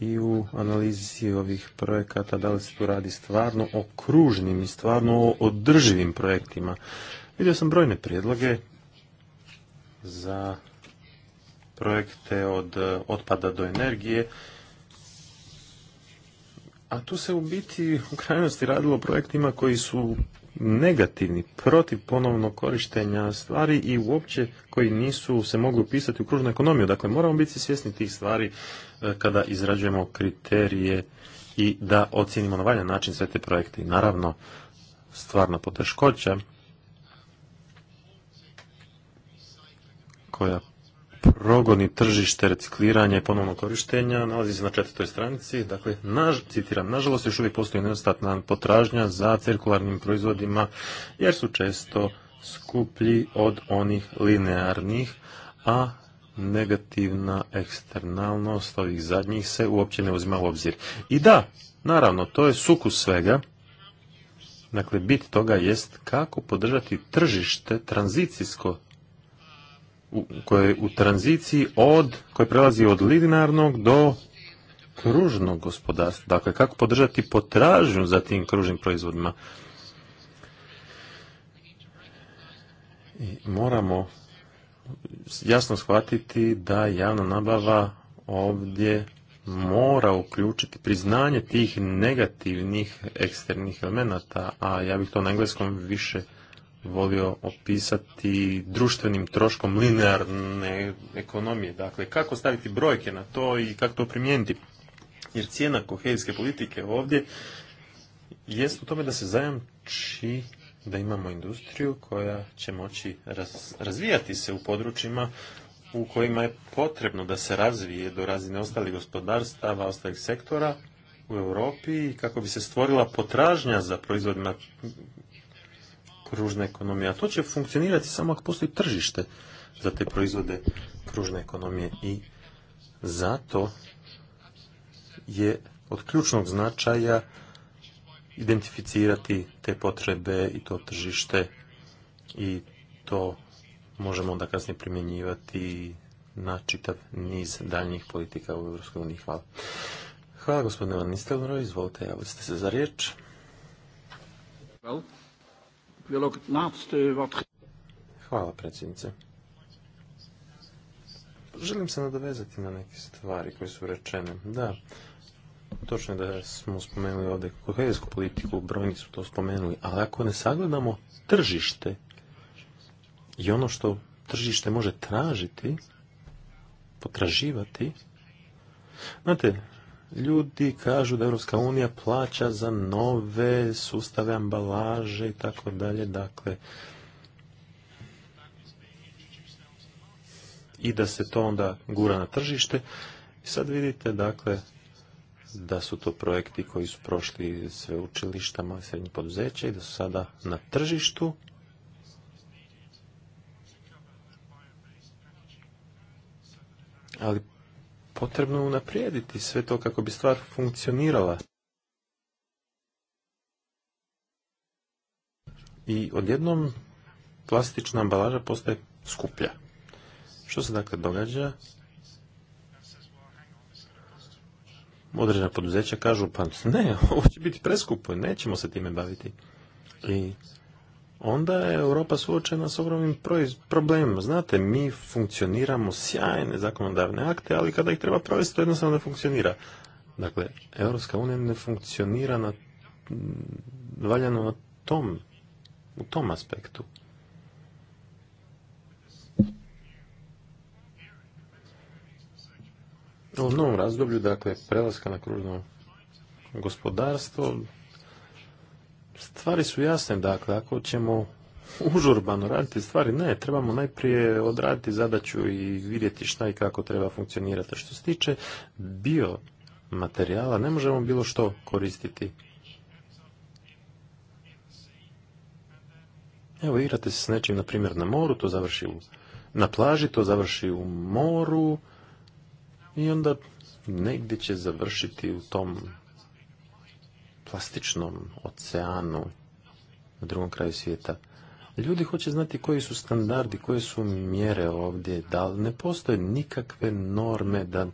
i u analizi ovih projekata, da li se tu radi stvarno o kružnim i stvarno o održivim projektima. Vidio sam brojne prijedloge za projekte od otpada do energije, a tu se u biti u krajnosti radilo o projektima koji su negativni, protiv ponovnog korištenja stvari i uopće koji nisu se mogli upisati u kružnu ekonomiju. Dakle, moramo biti svjesni tih stvari e, kada izrađujemo kriterije i da ocjenimo na valjan način sve te projekte. naravno, stvarna poteškoća koja progoni tržište recikliranja i ponovnog korištenja nalazi se na četvrtoj stranici. Dakle, citiram, nažalost još uvijek postoji nedostatna potražnja za cirkularnim proizvodima jer su često skuplji od onih linearnih, a negativna eksternalnost ovih zadnjih se uopće ne uzima u obzir. I da, naravno, to je sukus svega. Dakle, bit toga jest kako podržati tržište, tranzicijsko koje je u tranziciji od, koje prelazi od linearnog do kružnog gospodarstva. Dakle, kako podržati potražnju za tim kružnim proizvodima? I moramo jasno shvatiti da javna nabava ovdje mora uključiti priznanje tih negativnih eksternih elemenata, a ja bih to na engleskom više volio opisati društvenim troškom linearne ekonomije. Dakle, kako staviti brojke na to i kako to primijeniti. Jer cijena kohezijske politike ovdje jest u tome da se zajamči da imamo industriju koja će moći razvijati se u područjima u kojima je potrebno da se razvije do razine ostalih gospodarstava, ostalih sektora u Europi i kako bi se stvorila potražnja za proizvodima kružne ekonomije. A to će funkcionirati samo ako postoji tržište za te proizvode kružne ekonomije i zato je od ključnog značaja identificirati te potrebe i to tržište i to možemo onda kasnije primjenjivati na čitav niz daljnjih politika u EU. Hvala. Hvala gospodine Van izvolite, javili ste se za riječ. Hvala. Hvala predsjednice. Želim se nadovezati na neke stvari koje su rečene. Da, točno je da smo spomenuli ovdje kohezijsku politiku, brojni su to spomenuli, ali ako ne sagledamo tržište i ono što tržište može tražiti, potraživati, znate, ljudi kažu da Europska unija plaća za nove sustave ambalaže i tako dalje, dakle i da se to onda gura na tržište. I sad vidite, dakle, da su to projekti koji su prošli sve učilišta, i srednji poduzeća i da su sada na tržištu. Ali potrebno unaprijediti sve to kako bi stvar funkcionirala. I odjednom plastična ambalaža postaje skuplja. Što se dakle događa? Određena poduzeća kažu, pa ne, ovo će biti preskupo, nećemo se time baviti. I onda je Europa suočena s ogromnim problemima. Znate, mi funkcioniramo sjajne zakonodavne akte, ali kada ih treba provesti, to jednostavno ne funkcionira. Dakle, Europska unija ne funkcionira na, valjano na tom, u tom aspektu. U novom razdoblju, dakle, prelaska na kružno gospodarstvo, Stvari su jasne, dakle, ako ćemo užurbano raditi stvari, ne, trebamo najprije odraditi zadaću i vidjeti šta i kako treba funkcionirati. Što se tiče bio materijala, ne možemo bilo što koristiti. Evo, igrate se s nečim, na primjer, na moru, to završi u, na plaži, to završi u moru i onda negdje će završiti u tom plastičnom oceanu na drugom kraju svijeta. Ljudi hoće znati koji su standardi, koje su mjere ovdje, da li ne postoje nikakve norme da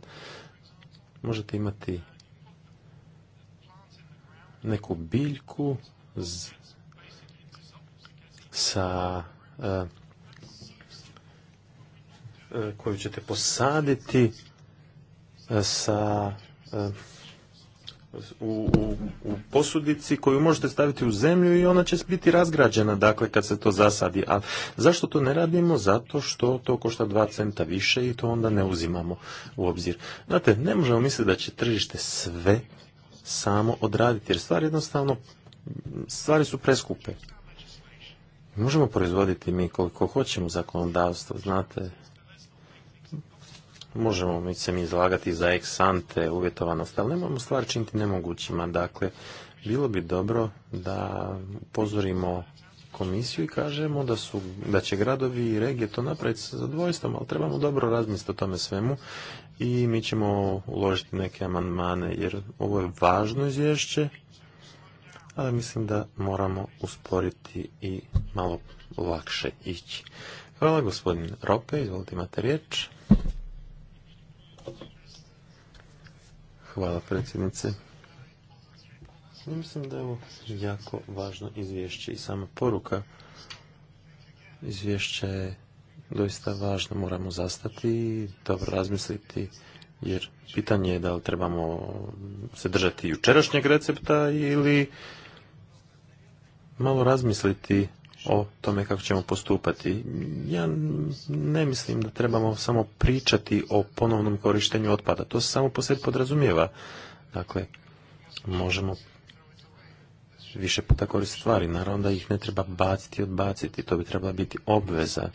možete imati neku biljku sa e, e, koju ćete posaditi e, sa e, u, u posudici koju možete staviti u zemlju i ona će biti razgrađena dakle kad se to zasadi. A zašto to ne radimo? Zato što to košta 2 centa više i to onda ne uzimamo u obzir. Znate, ne možemo misliti da će tržište sve samo odraditi jer stvari jednostavno stvari su preskupe. Možemo proizvoditi mi koliko hoćemo zakonodavstvo, znate, možemo mi se mi izlagati za ex ante uvjetovanost, ali nemojmo stvar činiti nemogućima. Dakle, bilo bi dobro da upozorimo komisiju i kažemo da, su, da će gradovi i regije to napraviti sa zadvojstvom, ali trebamo dobro razmisliti o tome svemu i mi ćemo uložiti neke amandmane, jer ovo je važno izvješće, ali mislim da moramo usporiti i malo lakše ići. Hvala gospodin Rope, izvolite imate riječ. Hvala predsjednice. Mislim da je ovo jako važno izvješće i sama poruka Izvješće je doista važno. Moramo zastati i dobro razmisliti jer pitanje je da li trebamo se držati jučerašnjeg recepta ili malo razmisliti o tome kako ćemo postupati. Ja ne mislim da trebamo samo pričati o ponovnom korištenju otpada. To se samo po sebi podrazumijeva. Dakle, možemo više puta koristiti stvari. Naravno da ih ne treba baciti i odbaciti. To bi trebala biti obveza.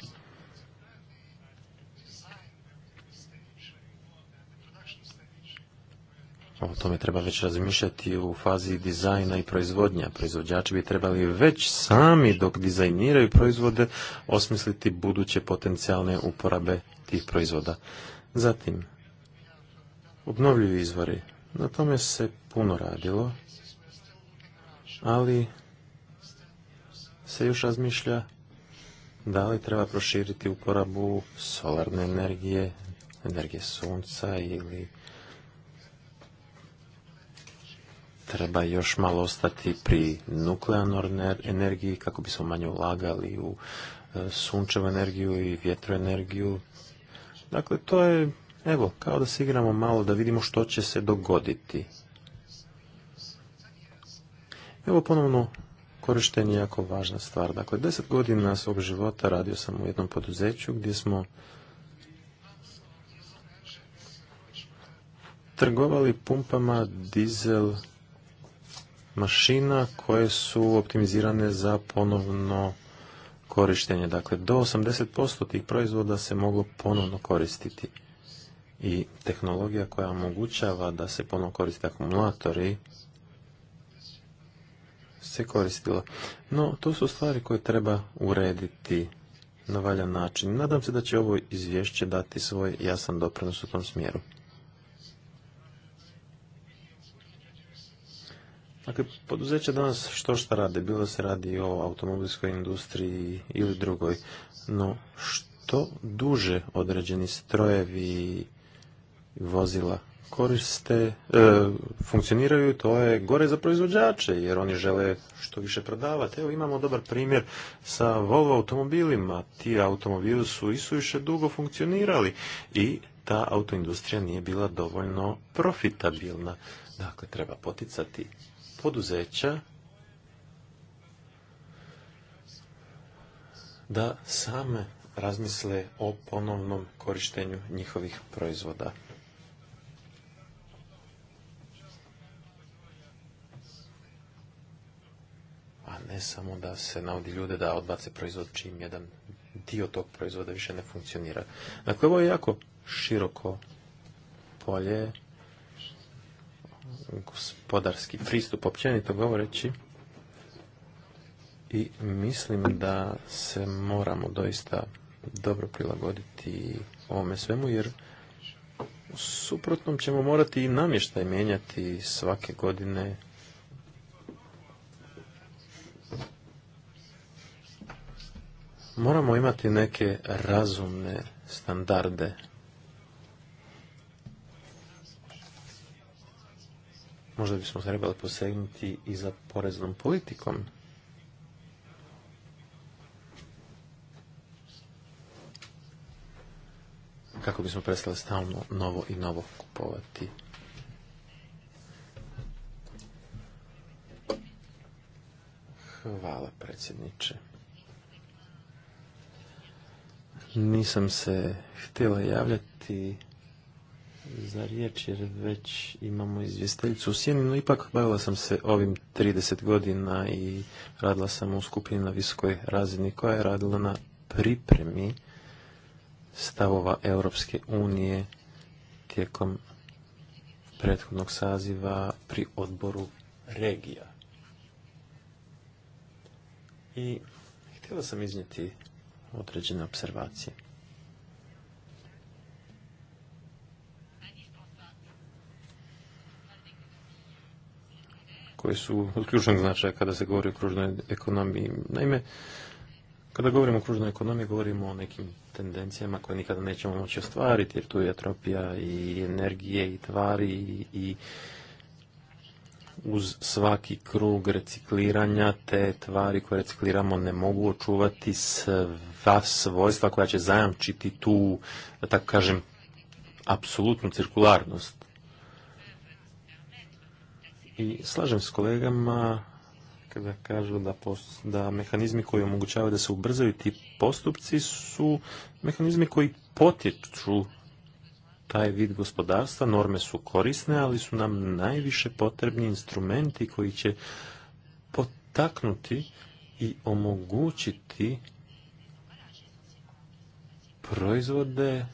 o tome treba već razmišljati u fazi dizajna i proizvodnja. Proizvođači bi trebali već sami dok dizajniraju proizvode osmisliti buduće potencijalne uporabe tih proizvoda. Zatim, obnovljivi izvori. Na tome se puno radilo, ali se još razmišlja da li treba proširiti uporabu solarne energije, energije sunca ili treba još malo ostati pri nuklearnoj energiji kako bismo manje ulagali u e, sunčevu energiju i vjetroenergiju. Dakle, to je, evo, kao da se igramo malo da vidimo što će se dogoditi. Evo ponovno korištenje jako važna stvar. Dakle, deset godina svog života radio sam u jednom poduzeću gdje smo trgovali pumpama dizel mašina koje su optimizirane za ponovno korištenje. Dakle, do 80% tih proizvoda se moglo ponovno koristiti. I tehnologija koja omogućava da se ponovno koriste akumulatori se koristila. No, to su stvari koje treba urediti na valjan način. Nadam se da će ovo izvješće dati svoj jasan doprinos u tom smjeru. Dakle, poduzeća danas što šta rade, bilo se radi o automobilskoj industriji ili drugoj, no što duže određeni strojevi vozila koriste, e, funkcioniraju, to je gore za proizvođače, jer oni žele što više prodavati. Evo imamo dobar primjer sa Volvo automobilima. Ti automobili su više dugo funkcionirali i ta autoindustrija nije bila dovoljno profitabilna. Dakle, treba poticati poduzeća da same razmisle o ponovnom korištenju njihovih proizvoda. A ne samo da se navodi ljude da odbace proizvod čim jedan dio tog proizvoda više ne funkcionira. Dakle, ovo je jako široko polje gospodarski pristup općenito govoreći i mislim da se moramo doista dobro prilagoditi ovome svemu jer u suprotnom ćemo morati i namještaj mijenjati svake godine moramo imati neke razumne standarde Možda bismo trebali posegnuti i za poreznom politikom. Kako bismo prestali stalno novo i novo kupovati. Hvala predsjedniče. Nisam se htjela javljati za riječ jer već imamo izvjestiteljicu u sjeni, no ipak bavila sam se ovim 30 godina i radila sam u skupini na visokoj razini koja je radila na pripremi stavova Europske unije tijekom prethodnog saziva pri odboru regija. I htjela sam iznijeti određene observacije. koje su od ključnog značaja kada se govori o kružnoj ekonomiji. Naime, kada govorimo o kružnoj ekonomiji, govorimo o nekim tendencijama koje nikada nećemo moći ostvariti, jer tu je atropija i energije i tvari i uz svaki krug recikliranja te tvari koje recikliramo ne mogu očuvati sva svojstva koja će zajamčiti tu, da tako kažem, apsolutnu cirkularnost. I slažem s kolegama kada kažu da, post, da mehanizmi koji omogućavaju da se ubrzaju ti postupci su mehanizmi koji potječu taj vid gospodarstva, norme su korisne, ali su nam najviše potrebni instrumenti koji će potaknuti i omogućiti proizvode,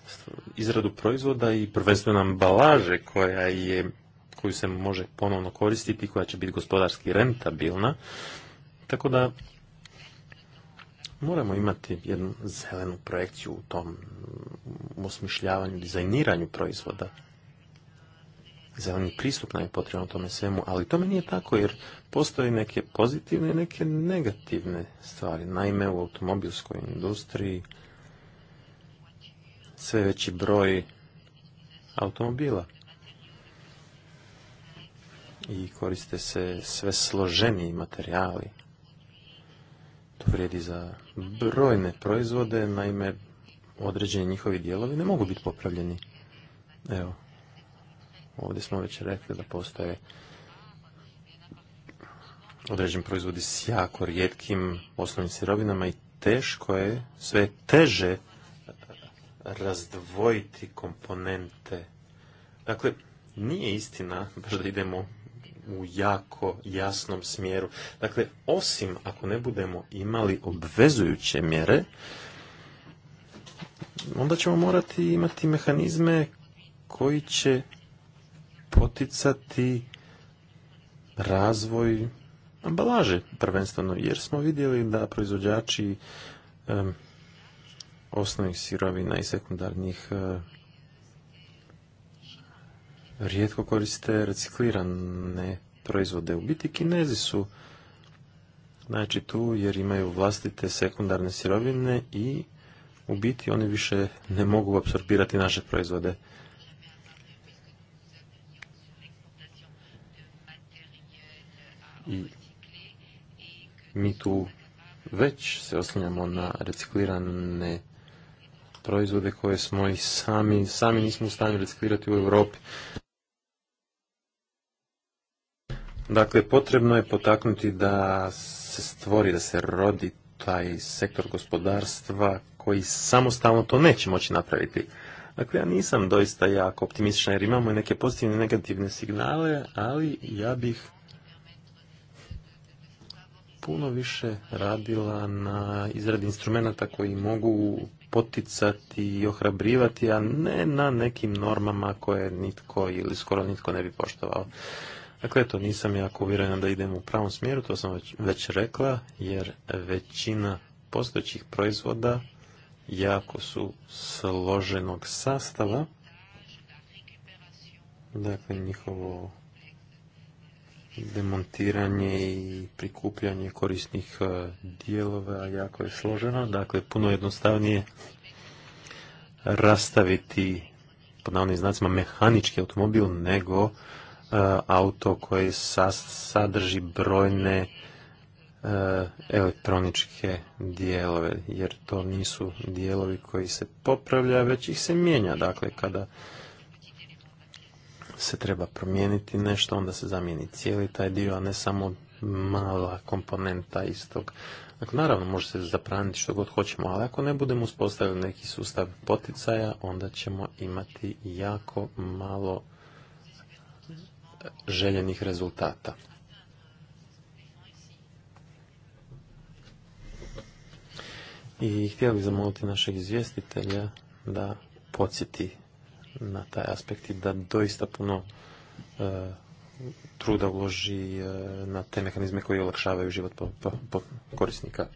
izradu proizvoda i prvenstveno ambalaže koja je koju se može ponovno koristiti, koja će biti gospodarski rentabilna. Tako da moramo imati jednu zelenu projekciju u tom osmišljavanju, dizajniranju proizvoda. Zeleni pristup nam je potrebno tome svemu, ali tome nije tako jer postoje neke pozitivne i neke negativne stvari. Naime, u automobilskoj industriji sve veći broj automobila i koriste se sve složeniji materijali. To vrijedi za brojne proizvode, naime određeni njihovi dijelovi ne mogu biti popravljeni. Evo, ovdje smo već rekli da postoje određeni proizvodi s jako rijetkim osnovnim sirovinama i teško je, sve teže razdvojiti komponente. Dakle, nije istina baš da idemo u jako jasnom smjeru. Dakle, osim ako ne budemo imali obvezujuće mjere, onda ćemo morati imati mehanizme koji će poticati razvoj ambalaže prvenstveno, jer smo vidjeli da proizvođači osnovnih sirovina i sekundarnih rijetko koriste reciklirane proizvode. U biti kinezi su znači tu jer imaju vlastite sekundarne sirovine i u biti oni više ne mogu apsorbirati naše proizvode. I mi tu već se oslanjamo na reciklirane proizvode koje smo i sami, sami nismo u stanju reciklirati u Europi. Dakle, potrebno je potaknuti da se stvori, da se rodi taj sektor gospodarstva koji samostalno to neće moći napraviti. Dakle, ja nisam doista jako optimistična jer imamo i neke pozitivne i negativne signale, ali ja bih puno više radila na izradi instrumenta koji mogu poticati i ohrabrivati, a ne na nekim normama koje nitko ili skoro nitko ne bi poštovao. Dakle, to nisam jako uvjeren da idemo u pravom smjeru, to sam već, već rekla, jer većina postojećih proizvoda jako su složenog sastava. Dakle, njihovo demontiranje i prikupljanje korisnih e, dijelova jako je složeno. Dakle, puno jednostavnije rastaviti pod navodnim znacima mehanički automobil nego E, auto koji sadrži brojne e, elektroničke dijelove, jer to nisu dijelovi koji se popravlja, već ih se mijenja. Dakle, kada se treba promijeniti nešto, onda se zamijeni cijeli taj dio, a ne samo mala komponenta istog. Dakle, naravno, može se zapraniti što god hoćemo, ali ako ne budemo uspostavili neki sustav poticaja, onda ćemo imati jako malo željenih rezultata. I htio bih zamoliti našeg izvjestitelja da podsjeti na taj aspekt i da doista puno e, truda uloži e, na te mehanizme koji olakšavaju život po, po, korisnika.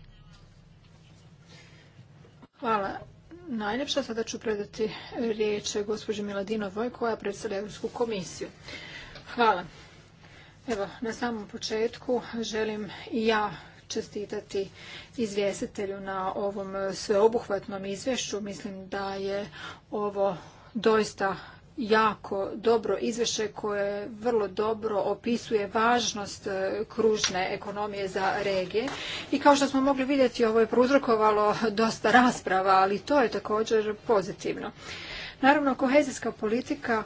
Hvala. Najljepša sada ću predati riječ gospođi Miladinovoj koja predstavlja Europsku komisiju. Hvala. Evo, na samom početku želim i ja čestitati izvjestitelju na ovom sveobuhvatnom izvješću. Mislim da je ovo doista jako dobro izvješće koje vrlo dobro opisuje važnost e, kružne ekonomije za regije. I kao što smo mogli vidjeti, ovo je prouzrokovalo dosta rasprava, ali to je također pozitivno. Naravno, kohezijska politika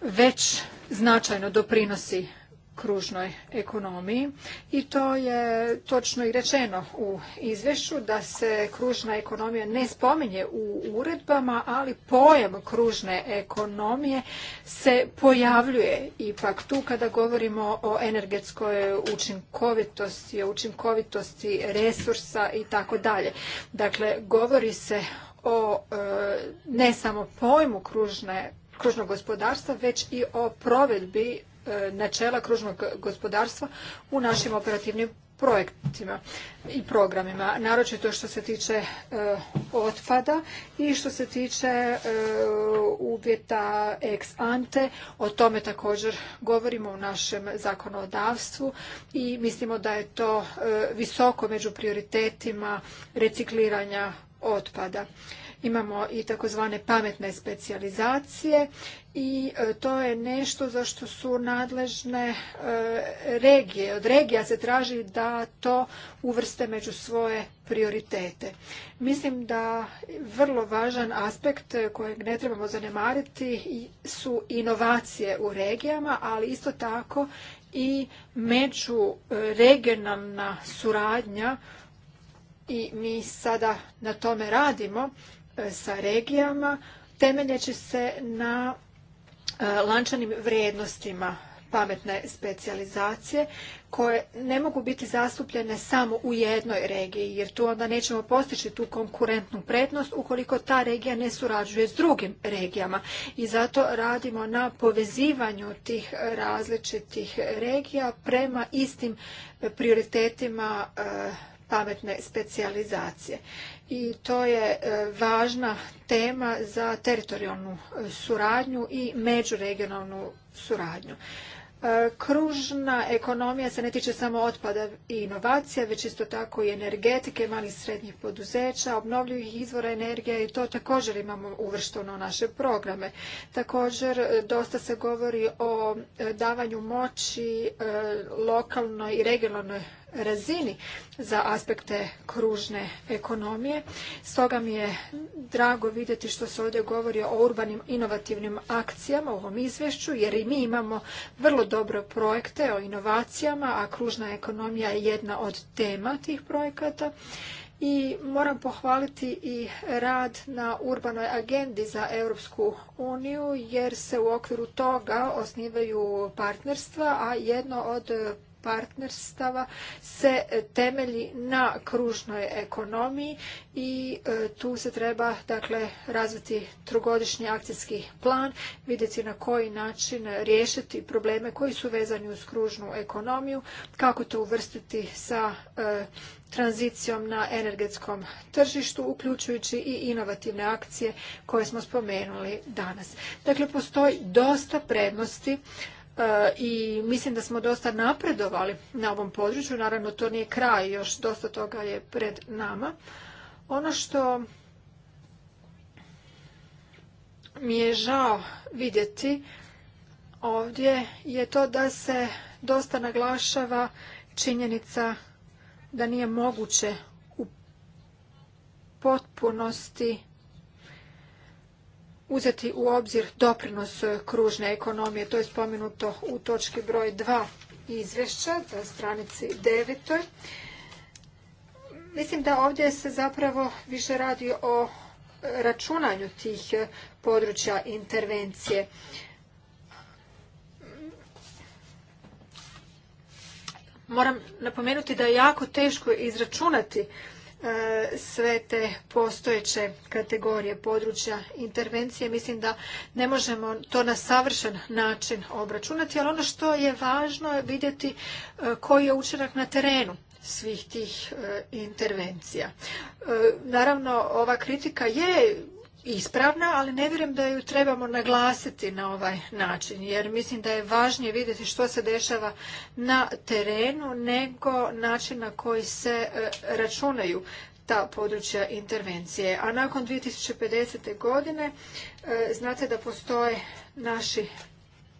već značajno doprinosi kružnoj ekonomiji i to je točno i rečeno u izvješću da se kružna ekonomija ne spominje u uredbama, ali pojam kružne ekonomije se pojavljuje ipak tu kada govorimo o energetskoj učinkovitosti, o učinkovitosti resursa i tako dalje. Dakle, govori se o e, ne samo pojmu kružne kružnog gospodarstva, već i o provedbi e, načela kružnog gospodarstva u našim operativnim projektima i programima, naročito što se tiče e, otpada i što se tiče e, uvjeta ex ante. O tome također govorimo u našem zakonodavstvu i mislimo da je to visoko među prioritetima recikliranja otpada. Imamo i takozvane pametne specijalizacije i e, to je nešto za što su nadležne e, regije. Od regija se traži da to uvrste među svoje prioritete. Mislim da vrlo važan aspekt kojeg ne trebamo zanemariti su inovacije u regijama, ali isto tako i e, regionalna suradnja i mi sada na tome radimo E, sa regijama temeljeći se na e, lančanim vrijednostima pametne specijalizacije koje ne mogu biti zastupljene samo u jednoj regiji jer tu onda nećemo postići tu konkurentnu prednost ukoliko ta regija ne surađuje s drugim regijama i zato radimo na povezivanju tih različitih regija prema istim prioritetima e, pametne specijalizacije i to je e, važna tema za teritorijalnu e, suradnju i međuregionalnu suradnju. E, kružna ekonomija se ne tiče samo otpada i inovacija, već isto tako i energetike, malih i srednjih poduzeća, obnovljivih izvora energije i to također imamo uvršteno u naše programe. Također dosta se govori o davanju moći lokalnoj i regionalnoj razini za aspekte kružne ekonomije. Stoga mi je drago vidjeti što se ovdje govori o urbanim inovativnim akcijama u ovom izvješću, jer i mi imamo vrlo dobre projekte o inovacijama, a kružna ekonomija je jedna od tema tih projekata. I moram pohvaliti i rad na urbanoj agendi za Europsku uniju jer se u okviru toga osnivaju partnerstva, a jedno od partnerstava se temelji na kružnoj ekonomiji i e, tu se treba dakle razviti trogodišnji akcijski plan, vidjeti na koji način riješiti probleme koji su vezani uz kružnu ekonomiju, kako to uvrstiti sa e, tranzicijom na energetskom tržištu, uključujući i inovativne akcije koje smo spomenuli danas. Dakle, postoji dosta prednosti E, i mislim da smo dosta napredovali na ovom području. Naravno, to nije kraj, još dosta toga je pred nama. Ono što mi je žao vidjeti ovdje je to da se dosta naglašava činjenica da nije moguće u potpunosti uzeti u obzir doprinos e, kružne ekonomije. To je spomenuto u točki broj 2 izvješća na stranici 9. Mislim da ovdje se zapravo više radi o računanju tih e, područja intervencije. Moram napomenuti da je jako teško izračunati E, sve te postojeće kategorije područja intervencije. Mislim da ne možemo to na savršen način obračunati, ali ono što je važno je vidjeti e, koji je učinak na terenu svih tih e, intervencija. Naravno, ova kritika je ispravna, ali ne vjerujem da ju trebamo naglasiti na ovaj način, jer mislim da je važnije vidjeti što se dešava na terenu nego način na koji se e, računaju ta područja intervencije. A nakon 2050. godine e, znate da postoje naši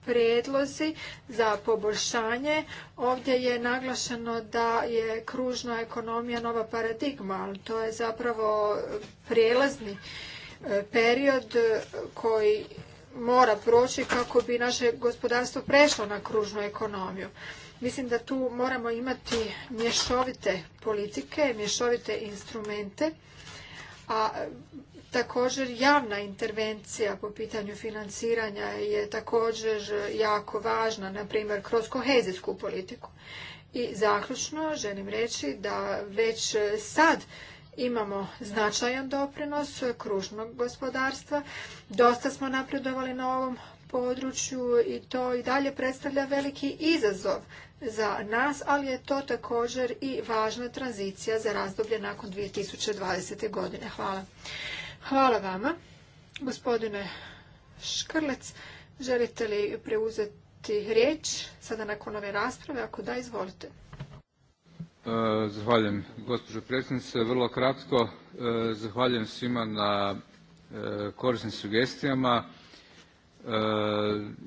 prijedlozi za poboljšanje. Ovdje je naglašeno da je kružna ekonomija nova paradigma, ali to je zapravo prijelazni E, period e, koji mora proći kako bi naše gospodarstvo prešlo na kružnu ekonomiju. Mislim da tu moramo imati mješovite politike, mješovite instrumente, a e, također javna intervencija po pitanju financiranja je također jako važna, na primjer kroz kohezijsku politiku. I zaključno želim reći da već sad imamo značajan doprinos kružnog gospodarstva. Dosta smo napredovali na ovom području i to i dalje predstavlja veliki izazov za nas, ali je to također i važna tranzicija za razdoblje nakon 2020. godine. Hvala. Hvala vama. Gospodine Škrlec, želite li preuzeti riječ sada nakon ove rasprave? Ako da, izvolite. E, zahvaljujem gospođo predsjednice. Vrlo kratko, e, zahvaljujem svima na e, korisnim sugestijama.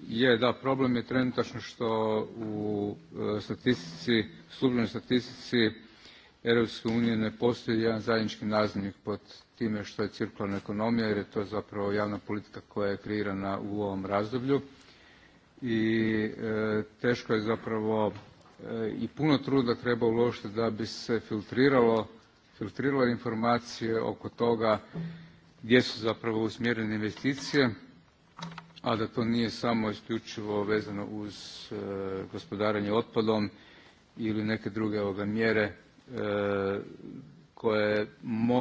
Je, da, problem je trenutačno što u statistici, službenoj statistici Europske unije ne postoji jedan zajednički nazivnik pod time što je cirkularna ekonomija jer je to zapravo javna politika koja je kreirana u ovom razdoblju i teško je zapravo i puno truda treba uložiti da bi se filtriralo, filtrirale informacije oko toga gdje su zapravo usmjerene investicije, a da to nije samo isključivo vezano uz e, gospodarenje otpadom ili neke druge mjere e, koje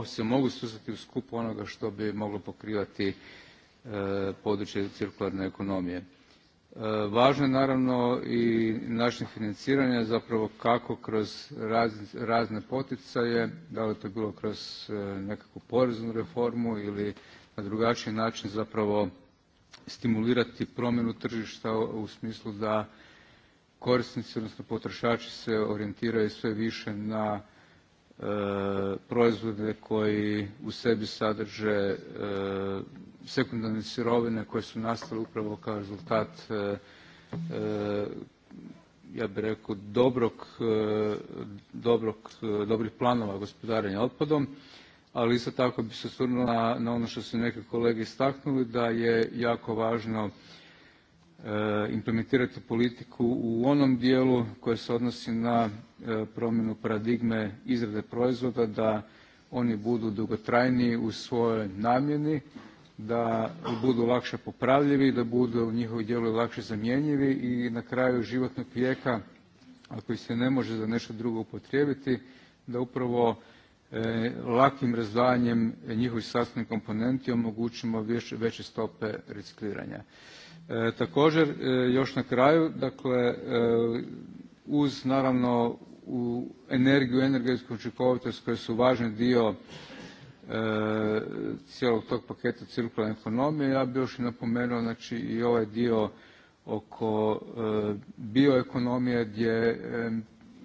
se mogu susjeti u skupu onoga što bi moglo pokrivati e, područje cirkularne ekonomije. Važno je naravno i način financiranja zapravo kako kroz razne poticaje, da li to bilo kroz e, nekakvu poreznu reformu ili na drugačiji način zapravo stimulirati promjenu tržišta u smislu da korisnici, odnosno potrošači se orijentiraju sve više na e, proizvode koji u sebi sadrže e, sekundarne sirovine koje su nastale upravo kao rezultat e, e, ja bih rekao dobrog, e, dobrog, dobrih planova gospodarenja otpadom, ali isto tako bi se osvrnula na, ono što su neke kolege istaknuli da je jako važno implementirati politiku u onom dijelu koje se odnosi na promjenu paradigme izrade proizvoda da oni budu dugotrajniji u svojoj namjeni da budu lakše popravljivi, da budu njihovi dijelovi lakše zamjenjivi i na kraju životnog vijeka, ako se ne može za nešto drugo upotrijebiti, da upravo e, lakim razdvajanjem njihovih sastavnih komponenti omogućimo veće stope recikliranja. E, također, e, još na kraju, dakle, uz naravno u energiju, energetsku učinkovitost koje su važni dio E, cijelog tog paketa cirkularne ekonomije. Ja bih još i napomenuo znači, i ovaj dio oko e, bioekonomije gdje e,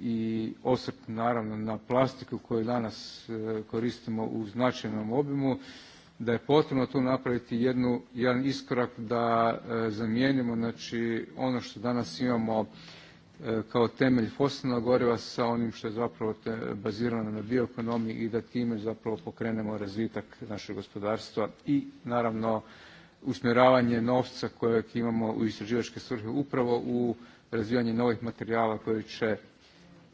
i osvrt naravno na plastiku koju danas koristimo u značajnom obimu, da je potrebno tu napraviti jednu, jedan iskorak da zamijenimo znači ono što danas imamo kao temelj fosilnog goriva sa onim što je zapravo bazirano na bioekonomiji i da time zapravo pokrenemo razvitak našeg gospodarstva i naravno usmjeravanje novca kojeg imamo u istraživačke svrhe upravo u razvijanje novih materijala koji će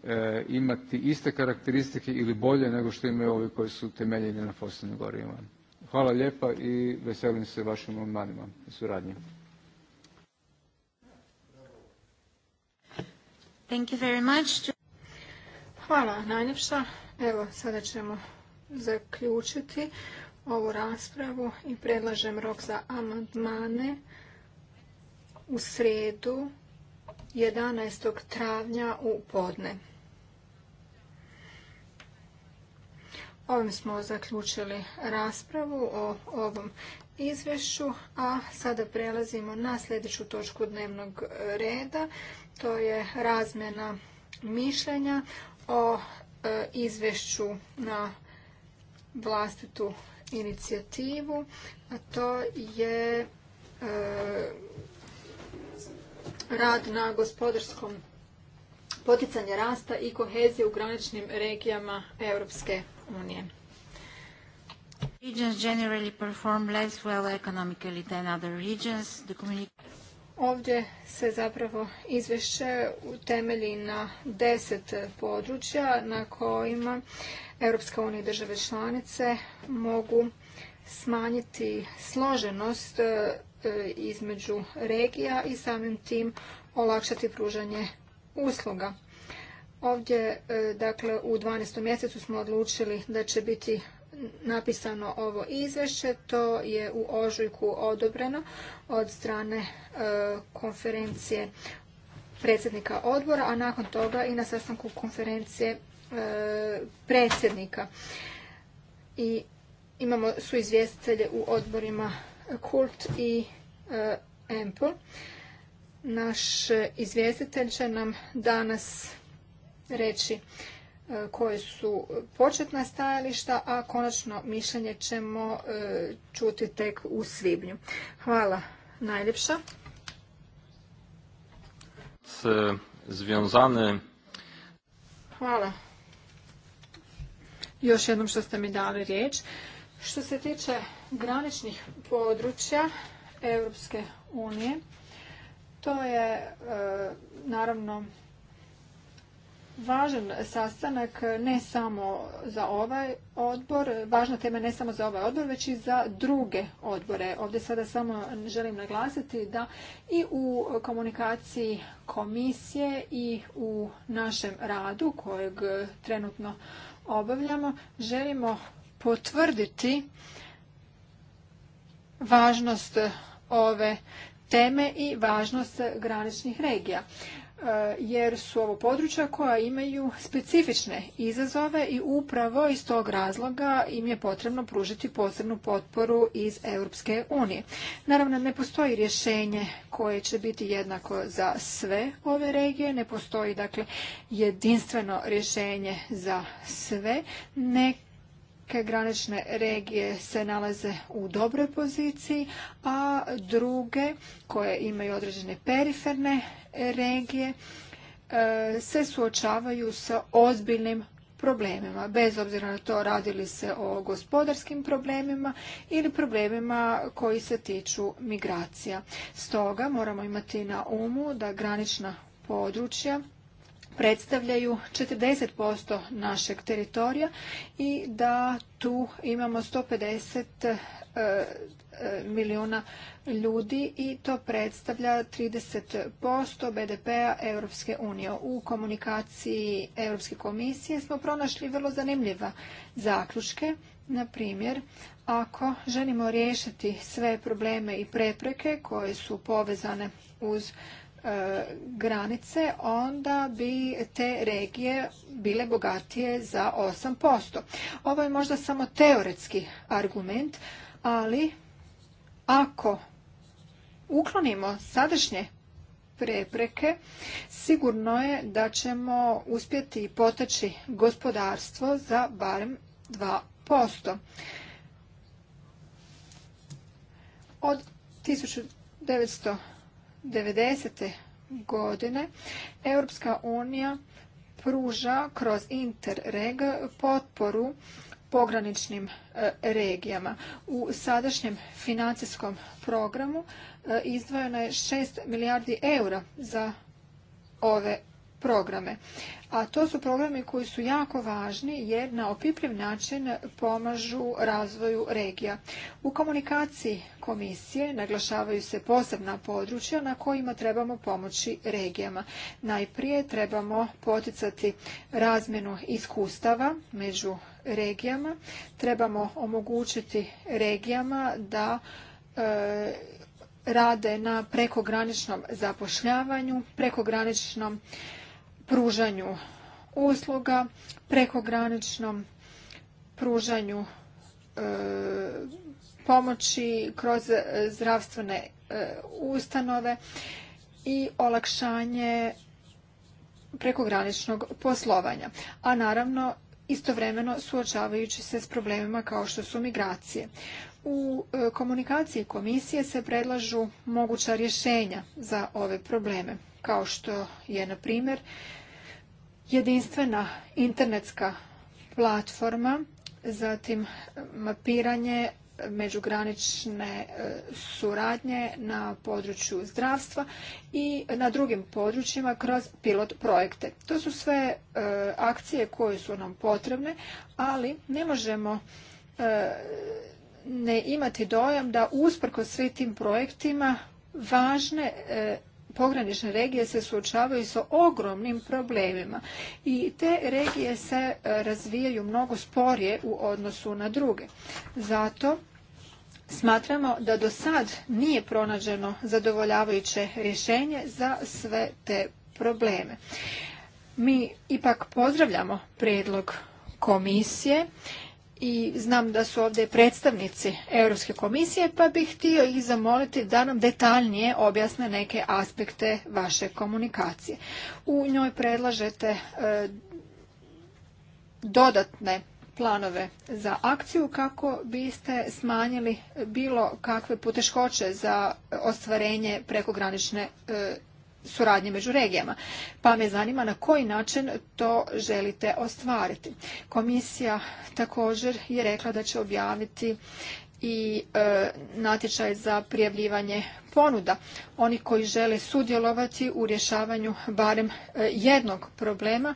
e, imati iste karakteristike ili bolje nego što imaju ovi koji su temeljeni na fosilnim gorivima. Hvala lijepa i veselim se vašim amandmanima i suradnji. Thank you Hvala najljepša. Evo, sada ćemo zaključiti ovu raspravu i predlažem rok za amandmane u sredu 11. travnja u podne. Ovim smo zaključili raspravu o ovom izvješću, a sada prelazimo na sljedeću točku dnevnog reda. To je razmjena mišljenja o e, izvješću na vlastitu inicijativu, a to je e, rad na gospodarskom poticanje rasta i kohezije u graničnim regijama Europske unije. Regions generally perform less well economically than other regions. The Ovdje se zapravo izvješće temelji na deset područja na kojima Europska unija i države članice mogu smanjiti složenost e, između regija i samim tim olakšati pružanje usluga. Ovdje, e, dakle, u 12. mjesecu smo odlučili da će biti napisano ovo izvješće. To je u ožujku odobreno od strane e, konferencije predsjednika odbora, a nakon toga i na sastanku konferencije e, predsjednika. I imamo su izvjestitelje u odborima Kult i e, Empol. Naš izvjestitelj će nam danas reći koje su početna stajališta, a konačno mišljenje ćemo e, čuti tek u svibnju. Hvala najljepša. Hvala. Još jednom što ste mi dali riječ. Što se tiče graničnih područja Europske unije, to je e, naravno važan sastanak ne samo za ovaj odbor, važna tema ne samo za ovaj odbor, već i za druge odbore. Ovdje sada samo želim naglasiti da i u komunikaciji komisije i u našem radu kojeg trenutno obavljamo želimo potvrditi važnost ove teme i važnost graničnih regija. E, jer su ovo područja koja imaju specifične izazove i upravo iz tog razloga im je potrebno pružiti posebnu potporu iz Europske unije. Naravno, ne postoji rješenje koje će biti jednako za sve ove regije, ne postoji dakle jedinstveno rješenje za sve. Neke granične regije se nalaze u dobroj poziciji, a druge koje imaju određene periferne regije e, se suočavaju sa ozbiljnim problemima, bez obzira na to radili se o gospodarskim problemima ili problemima koji se tiču migracija. Stoga moramo imati na umu da granična područja predstavljaju 40% našeg teritorija i da tu imamo 150 e, e, milijuna ljudi i to predstavlja 30% BDP-a Europske unije. U komunikaciji Europske komisije smo pronašli vrlo zanimljiva zaključke. Na primjer, ako želimo riješiti sve probleme i prepreke koje su povezane uz E, granice, onda bi te regije bile bogatije za 8%. Ovo je možda samo teoretski argument, ali ako uklonimo sadašnje prepreke, sigurno je da ćemo uspjeti potaći gospodarstvo za barem 2%. Od 1900 1990. godine Europska unija pruža kroz Interreg potporu pograničnim e, regijama. U sadašnjem financijskom programu e, izdvojeno je 6 milijardi eura za ove programe. A to su programi koji su jako važni jer na opipljiv način pomažu razvoju regija. U komunikaciji komisije naglašavaju se posebna područja na kojima trebamo pomoći regijama. Najprije trebamo poticati razmjenu iskustava među regijama. Trebamo omogućiti regijama da e, rade na prekograničnom zapošljavanju, prekograničnom pružanju usluga, prekograničnom pružanju e, pomoći kroz zdravstvene e, ustanove i olakšanje prekograničnog poslovanja, a naravno istovremeno suočavajući se s problemima kao što su migracije. U e, komunikaciji komisije se predlažu moguća rješenja za ove probleme kao što je, na primjer, jedinstvena internetska platforma, zatim mapiranje međugranične e, suradnje na području zdravstva i na drugim područjima kroz pilot projekte. To su sve e, akcije koje su nam potrebne, ali ne možemo e, ne imati dojam da usprko svi tim projektima važne pogranične regije se suočavaju sa ogromnim problemima i te regije se e, razvijaju mnogo sporije u odnosu na druge. Zato Smatramo da do sad nije pronađeno zadovoljavajuće rješenje za sve te probleme. Mi ipak pozdravljamo predlog komisije i znam da su ovdje predstavnici Europske komisije, pa bih htio ih zamoliti da nam detaljnije objasne neke aspekte vaše komunikacije. U njoj predlažete e, dodatne planove za akciju kako biste smanjili bilo kakve poteškoće za ostvarenje prekogranične e, suradnje među regijama. Pa me zanima na koji način to želite ostvariti. Komisija također je rekla da će objaviti i e, natječaj za prijavljivanje ponuda oni koji žele sudjelovati u rješavanju barem e, jednog problema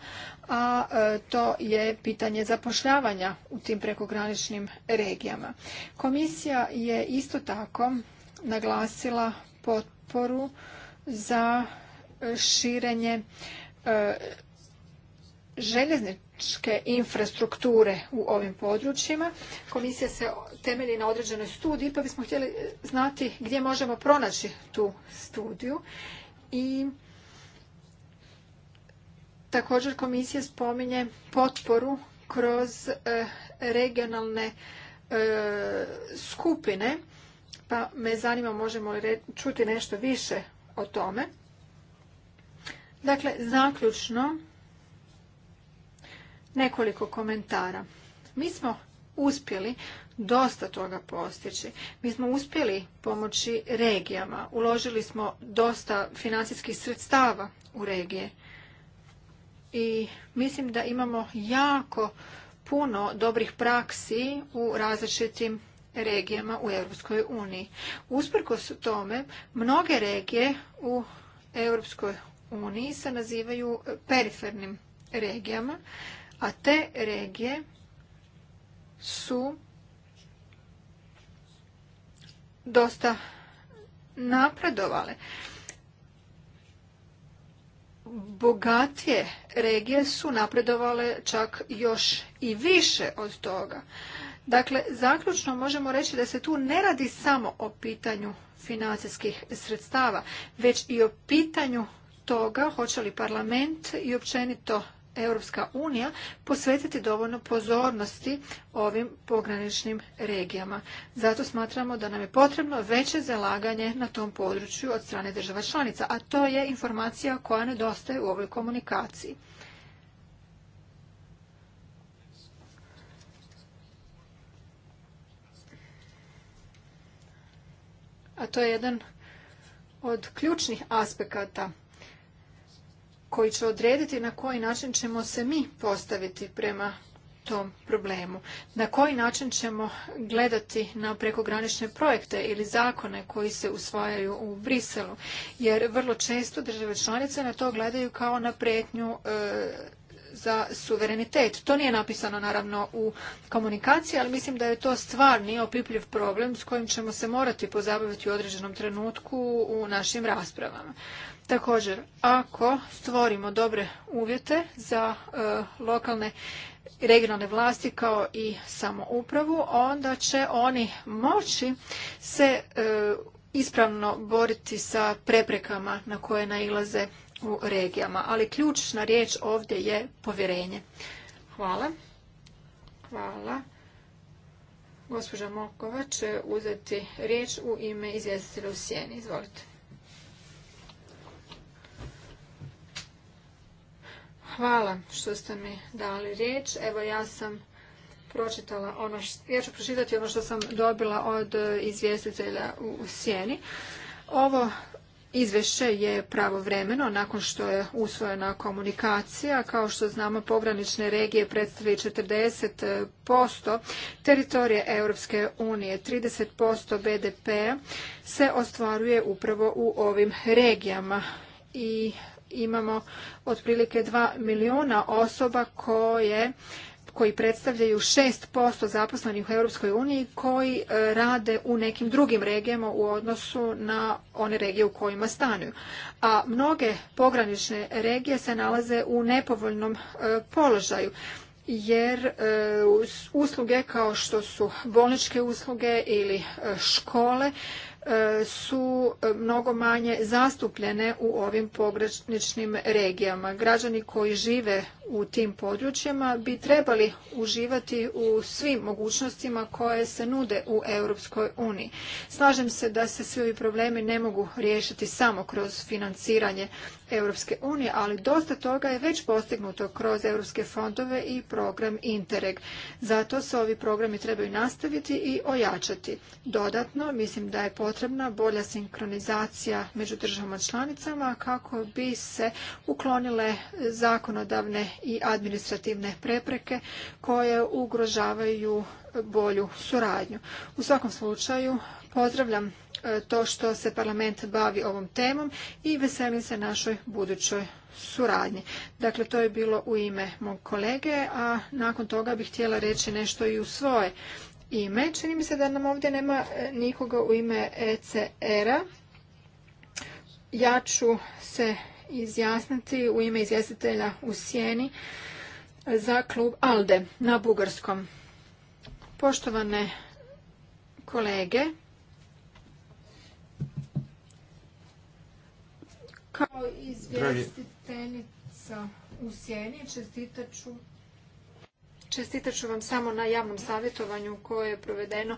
a e, to je pitanje zapošljavanja u tim prekograničnim regijama komisija je isto tako naglasila potporu za širenje e, željezničke infrastrukture u ovim područjima. Komisija se temelji na određenoj studiji, pa bismo htjeli znati gdje možemo pronaći tu studiju. I također komisija spominje potporu kroz e, regionalne e, skupine, pa me zanima možemo li čuti nešto više o tome. Dakle, zaključno nekoliko komentara. Mi smo uspjeli dosta toga postići. Mi smo uspjeli pomoći regijama. Uložili smo dosta financijskih sredstava u regije. I mislim da imamo jako puno dobrih praksi u različitim regijama u Europskoj uniji. su tome, mnoge regije u Europskoj Uniji se nazivaju e, perifernim regijama, a te regije su dosta napredovale. Bogatije regije su napredovale čak još i više od toga. Dakle, zaključno možemo reći da se tu ne radi samo o pitanju financijskih sredstava, već i o pitanju toga hoće li parlament i općenito Europska unija posvetiti dovoljno pozornosti ovim pograničnim regijama. Zato smatramo da nam je potrebno veće zalaganje na tom području od strane država članica, a to je informacija koja nedostaje u ovoj komunikaciji. A to je jedan od ključnih aspekata koji će odrediti na koji način ćemo se mi postaviti prema tom problemu. Na koji način ćemo gledati na prekogranične projekte ili zakone koji se usvajaju u Briselu. Jer vrlo često države članice na to gledaju kao na prijetnju e, za suverenitet. To nije napisano naravno u komunikaciji, ali mislim da je to stvarni opipljiv problem s kojim ćemo se morati pozabaviti u određenom trenutku u našim raspravama. Također, ako stvorimo dobre uvjete za e, lokalne i regionalne vlasti kao i samoupravu, onda će oni moći se e, ispravno boriti sa preprekama na koje nailaze u regijama. Ali ključna riječ ovdje je povjerenje. Hvala. Hvala. Gospođa Mokova će uzeti riječ u ime izvjestitelja u Sijeni. Izvolite. Hvala što ste mi dali riječ. Evo ja sam pročitala ono što, ja ću pročitati ono što sam dobila od e, izvjestitelja u Sjeni. Ovo Izvješće je pravovremeno nakon što je usvojena komunikacija. Kao što znamo, pogranične regije predstavljaju 40% teritorije Europske unije. 30% BDP p-a se ostvaruje upravo u ovim regijama i imamo otprilike 2 milijuna osoba koje koji predstavljaju 6% zaposlenih u Europskoj uniji koji e, rade u nekim drugim regijama u odnosu na one regije u kojima stanuju. A mnoge pogranične regije se nalaze u nepovoljnom e, položaju jer e, usluge kao što su bolničke usluge ili škole E, su e, mnogo manje zastupljene u ovim pograničnim regijama. Građani koji žive u tim područjima bi trebali uživati u svim mogućnostima koje se nude u Europskoj uniji. Slažem se da se svi ovi problemi ne mogu riješiti samo kroz financiranje Europske unije, ali dosta toga je već postignuto kroz europske fondove i program Interreg. Zato se ovi programi trebaju nastaviti i ojačati. Dodatno, mislim da je potrebna bolja sinkronizacija među državama članicama kako bi se uklonile zakonodavne i administrativne prepreke koje ugrožavaju bolju suradnju. U svakom slučaju pozdravljam e, to što se parlament bavi ovom temom i veselim se našoj budućoj suradnji. Dakle, to je bilo u ime mog kolege, a nakon toga bih htjela reći nešto i u svoje ime. Čini mi se da nam ovdje nema e, nikoga u ime ECR-a. Ja ću se izjasniti u ime izvjestitelja u Sjeni za klub ALDE na Bugarskom. Poštovane kolege, kao izvjestiteljica u Sjeni Čestitat ću vam samo na javnom savjetovanju koje je provedeno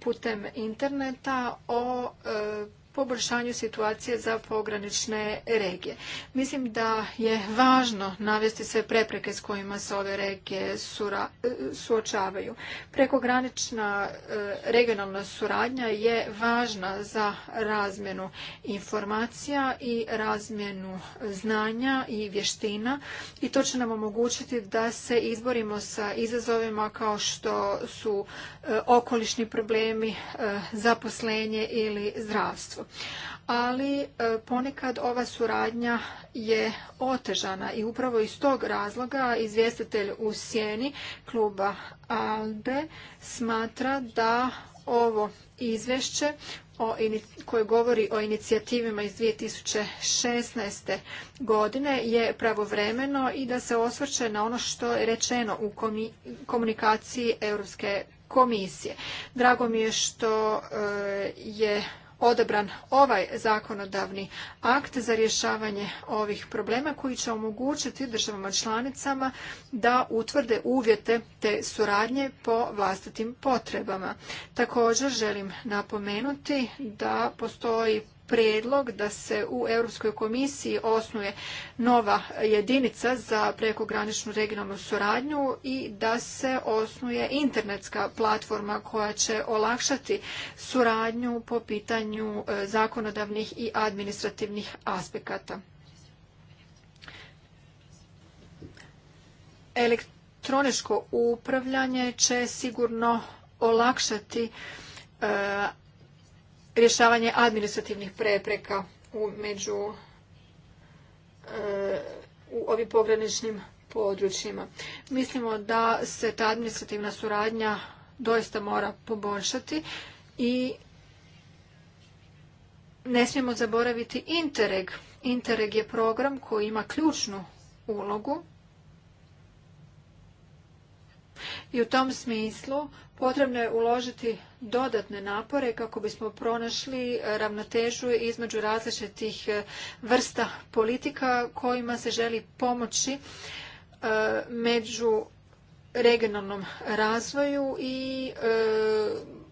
putem interneta o e, poboljšanju situacije za pogranične regije. Mislim da je važno navesti sve prepreke s kojima se ove regije e, suočavaju. Prekogranična e, regionalna suradnja je važna za razmjenu informacija i razmjenu znanja i vještina i to će nam omogućiti da se izborimo sa izazovima kao što su e, okolišni problemi, zaposlenje ili zdravstvo. Ali e, ponekad ova suradnja je otežana i upravo iz tog razloga izvjestitelj u sjeni kluba ALDE smatra da ovo izvješće koje govori o inicijativima iz 2016. godine je pravovremeno i da se osvrće na ono što je rečeno u komunikaciji Europske komisije. Drago mi je što e, je odabran ovaj zakonodavni akt za rješavanje ovih problema koji će omogućiti državama članicama da utvrde uvjete te suradnje po vlastitim potrebama. Također želim napomenuti da postoji prijedlog da se u Europskoj komisiji osnuje nova jedinica za prekograničnu regionalnu suradnju i da se osnuje internetska platforma koja će olakšati suradnju po pitanju e, zakonodavnih i administrativnih aspekata. Elektroničko upravljanje će sigurno olakšati e, rješavanje administrativnih prepreka u među e, u ovim pograničnim područjima. Mislimo da se ta administrativna suradnja doista mora poboljšati i ne smijemo zaboraviti Interreg. Interreg je program koji ima ključnu ulogu i u tom smislu potrebno je uložiti dodatne napore kako bismo pronašli ravnotežu između različitih e, vrsta politika kojima se želi pomoći e, među regionalnom razvoju i e,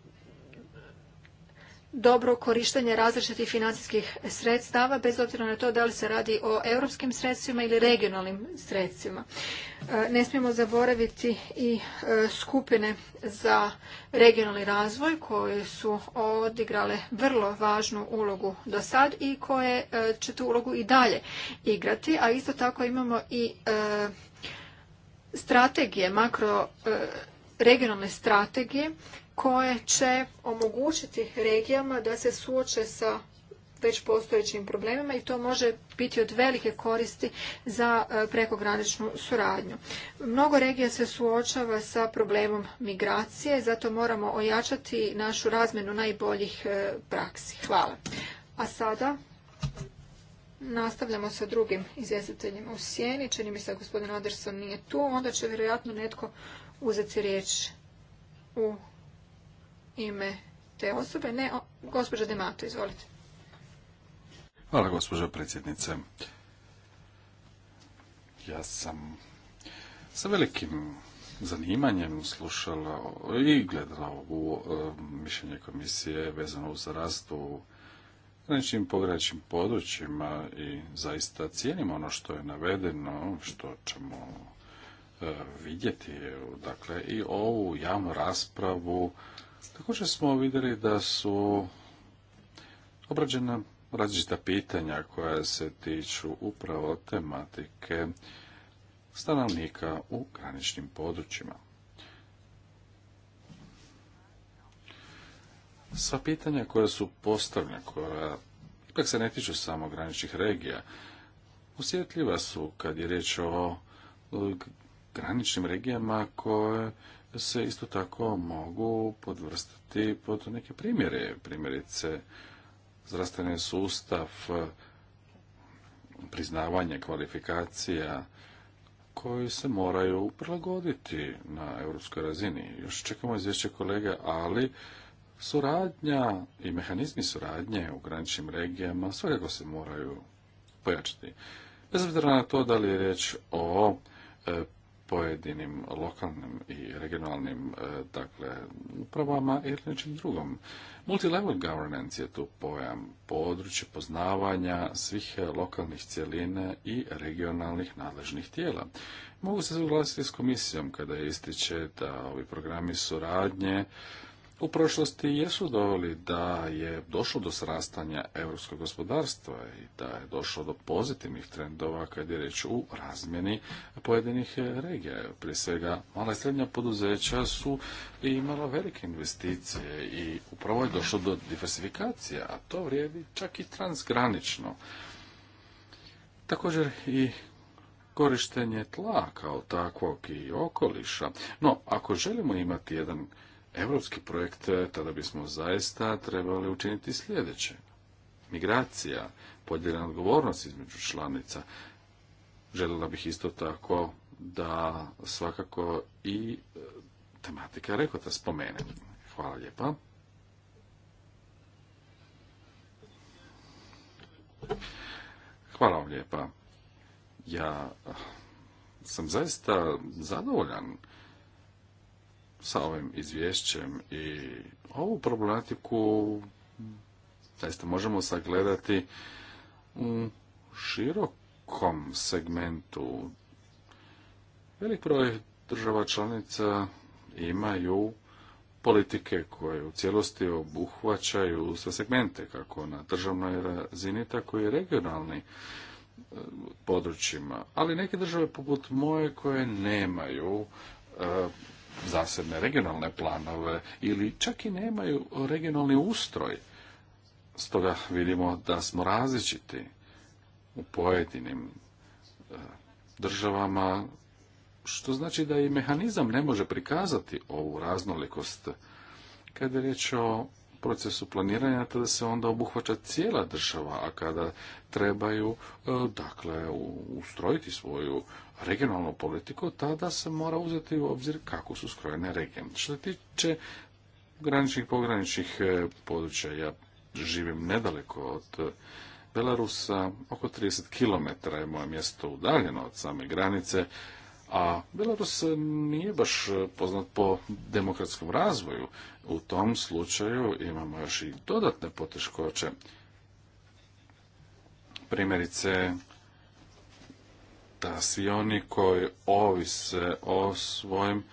dobro korištenje različitih financijskih sredstava, bez obzira na to da li se radi o europskim sredstvima ili regionalnim sredstvima. E, ne smijemo zaboraviti i e, skupine za regionalni razvoj koje su odigrale vrlo važnu ulogu do sad i koje e, će tu ulogu i dalje igrati, a isto tako imamo i strategije, makro regionalne strategije koje će omogućiti regijama da se suoče sa već postojećim problemima i to može biti od velike koristi za e, prekograničnu suradnju. Mnogo regija se suočava sa problemom migracije, zato moramo ojačati našu razmenu najboljih e, praksi. Hvala. A sada nastavljamo sa drugim izvjestiteljima u sjeni. Čini mi se da gospodin Anderson nije tu, onda će vjerojatno netko uzeti riječ u ime te osobe? Ne, gospođa Demato, izvolite. Hvala gospođo predsjednice. Ja sam sa velikim zanimanjem slušala i gledala u e, mišljenje komisije vezano uz rast u graničnim pograničnim područjima i zaista cijenim ono što je navedeno, što ćemo e, vidjeti, dakle, i ovu javnu raspravu Također smo vidjeli da su obrađena različita pitanja koja se tiču upravo tematike stanovnika u graničnim područjima. Sva pitanja koja su postavljena, koja ipak se ne tiču samo graničnih regija, osjetljiva su kad je riječ o graničnim regijama koje se isto tako mogu podvrstati pod neke primjere. Primjerice, zdravstveni sustav, priznavanje kvalifikacija koji se moraju prilagoditi na europskoj razini. Još čekamo izvješće kolege, ali suradnja i mehanizmi suradnje u graničnim regijama svakako se moraju pojačati. Bez obzira na to da li je riječ o e, pojedinim lokalnim i regionalnim e, dakle, upravama ili nečim drugom. Multilevel governance je tu pojam područje poznavanja svih lokalnih cjeline i regionalnih nadležnih tijela. Mogu se suglasiti s komisijom kada ističe da ovi programi suradnje u prošlosti jesu doveli da je došlo do srastanja europskog gospodarstva i da je došlo do pozitivnih trendova kad je reč u razmjeni pojedinih regija. Prije svega, mala i srednja poduzeća su imala velike investicije i upravo je došlo do diversifikacije, a to vrijedi čak i transgranično. Također i korištenje tla kao takvog i okoliša. No, ako želimo imati jedan europski projekt, eh, tada bismo zaista trebali učiniti sljedeće. Migracija, podijeljena odgovornost između članica. Željela bih isto tako da svakako i eh, tematika da spomene. Hvala lijepa. Hvala vam lijepa. Ja eh, sam zaista zadovoljan sa ovim izvješćem i ovu problematiku zaista možemo sagledati u širokom segmentu. Velik broj država članica imaju politike koje u cijelosti obuhvaćaju sve segmente, kako na državnoj razini, tako i regionalni e, područjima. Ali neke države poput moje koje nemaju e, zasebne regionalne planove ili čak i nemaju regionalni ustroj. Stoga vidimo da smo različiti u pojedinim e, državama, što znači da i mehanizam ne može prikazati ovu raznolikost. Kada je riječ o procesu planiranja, tada se onda obuhvaća cijela država, a kada trebaju e, dakle ustrojiti svoju regionalnu politiku, tada se mora uzeti u obzir kako su skrojene regije. Što se tiče graničnih pograničnih e, područja, ja živim nedaleko od Belarusa, oko 30 km je moje mjesto udaljeno od same granice, a Belarus nije baš poznat po demokratskom razvoju. U tom slučaju imamo još i dodatne poteškoće. Primjerice, da svi oni koji ovise o svojim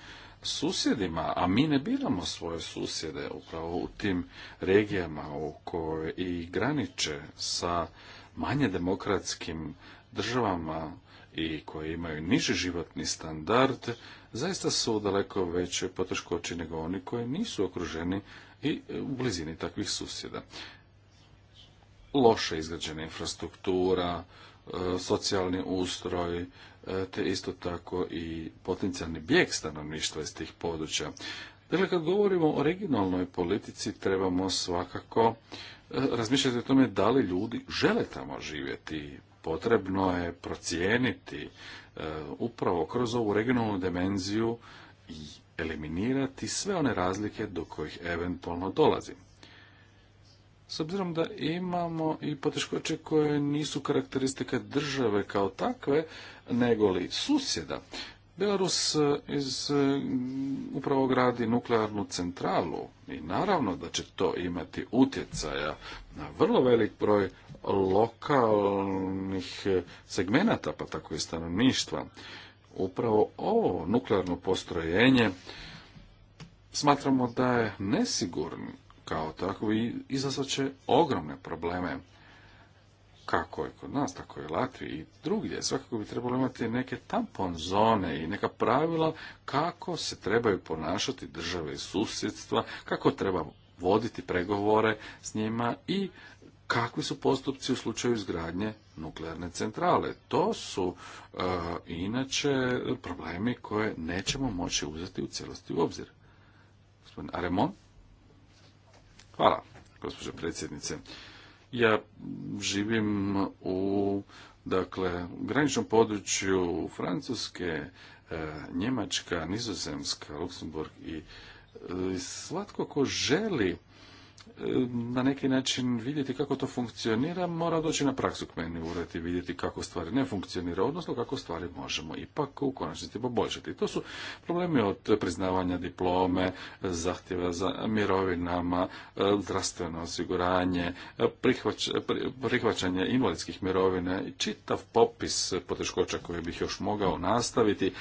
susjedima, a mi ne biramo svoje susjede upravo u tim regijama u koje i graniče sa manje demokratskim državama, i koje imaju niži životni standard, zaista su daleko veće poteškoće nego oni koji nisu okruženi i u blizini takvih susjeda. Loše izgrađena infrastruktura, e, socijalni ustroj, e, te isto tako i potencijalni bijeg stanovništva iz tih područja. Dakle, kad govorimo o regionalnoj politici, trebamo svakako e, razmišljati o tome da li ljudi žele tamo živjeti potrebno je procijeniti e, upravo kroz ovu regionalnu dimenziju i eliminirati sve one razlike do kojih eventualno dolazi. S obzirom da imamo i poteškoće koje nisu karakteristike države kao takve, negoli susjeda. Belarus e, iz, e, upravo gradi nuklearnu centralu i naravno da će to imati utjecaja na vrlo velik broj lokalnih e, segmenata, pa tako i stanovništva. Upravo ovo nuklearno postrojenje smatramo da je nesigurno kao tako i izazvat će ogromne probleme kako je kod nas, tako i Latviji i drugdje, svakako bi trebalo imati neke tampon zone i neka pravila kako se trebaju ponašati države i susjedstva, kako treba voditi pregovore s njima i kakvi su postupci u slučaju izgradnje nuklearne centrale. To su e, inače problemi koje nećemo moći uzeti u cijelosti u obzir. Gospodin Aremon? Hvala, gospođo predsjednice. Ja živim u dakle, graničnom području Francuske, e, Njemačka, Nizozemska, Luksemburg i e, svatko ko želi na neki način vidjeti kako to funkcionira, mora doći na praksu k meni ured i vidjeti kako stvari ne funkcionira, odnosno kako stvari možemo ipak u konačnici poboljšati. To su problemi od priznavanja diplome, zahtjeva za mirovinama, e, zdravstveno osiguranje, prihvaćanje invalidskih mirovina i čitav popis poteškoća koje bih još mogao nastaviti,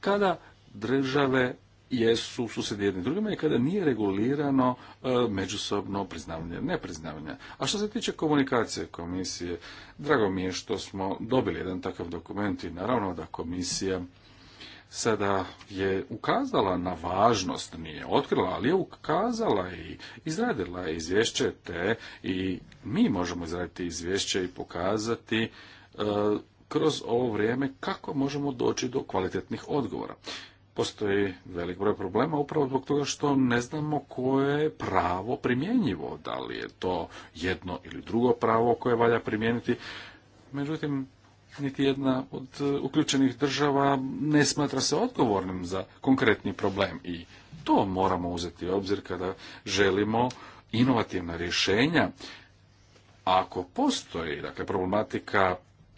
kada države jesu susjedi jedni drugima i kada nije regulirano e, međusobno priznavanje, nepriznavanje. A što se tiče komunikacije komisije, drago mi je što smo dobili jedan takav dokument i naravno da komisija sada je ukazala na važnost, nije otkrila, ali je ukazala i izradila izvješće te i mi možemo izraditi izvješće i pokazati e, kroz ovo vrijeme kako možemo doći do kvalitetnih odgovora postoji velik broj problema upravo zbog toga što ne znamo koje je pravo primjenjivo, da li je to jedno ili drugo pravo koje valja primijeniti. Međutim, niti jedna od e, uključenih država ne smatra se odgovornim za konkretni problem i to moramo uzeti u obzir kada želimo inovativna rješenja. Ako postoji dakle, problematika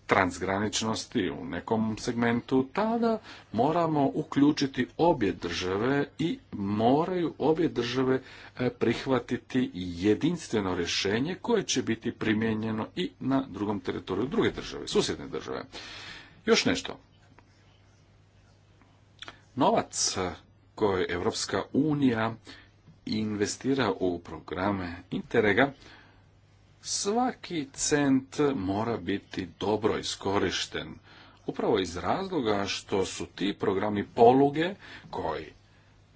transgraničnosti u nekom segmentu, tada moramo uključiti obje države i moraju obje države e, prihvatiti jedinstveno rješenje koje će biti primijenjeno i na drugom teritoriju druge države, susjedne države. Još nešto. Novac koji Evropska unija investira u programe Interega Svaki cent mora biti dobro iskorišten, upravo iz razloga što su ti programi poluge koji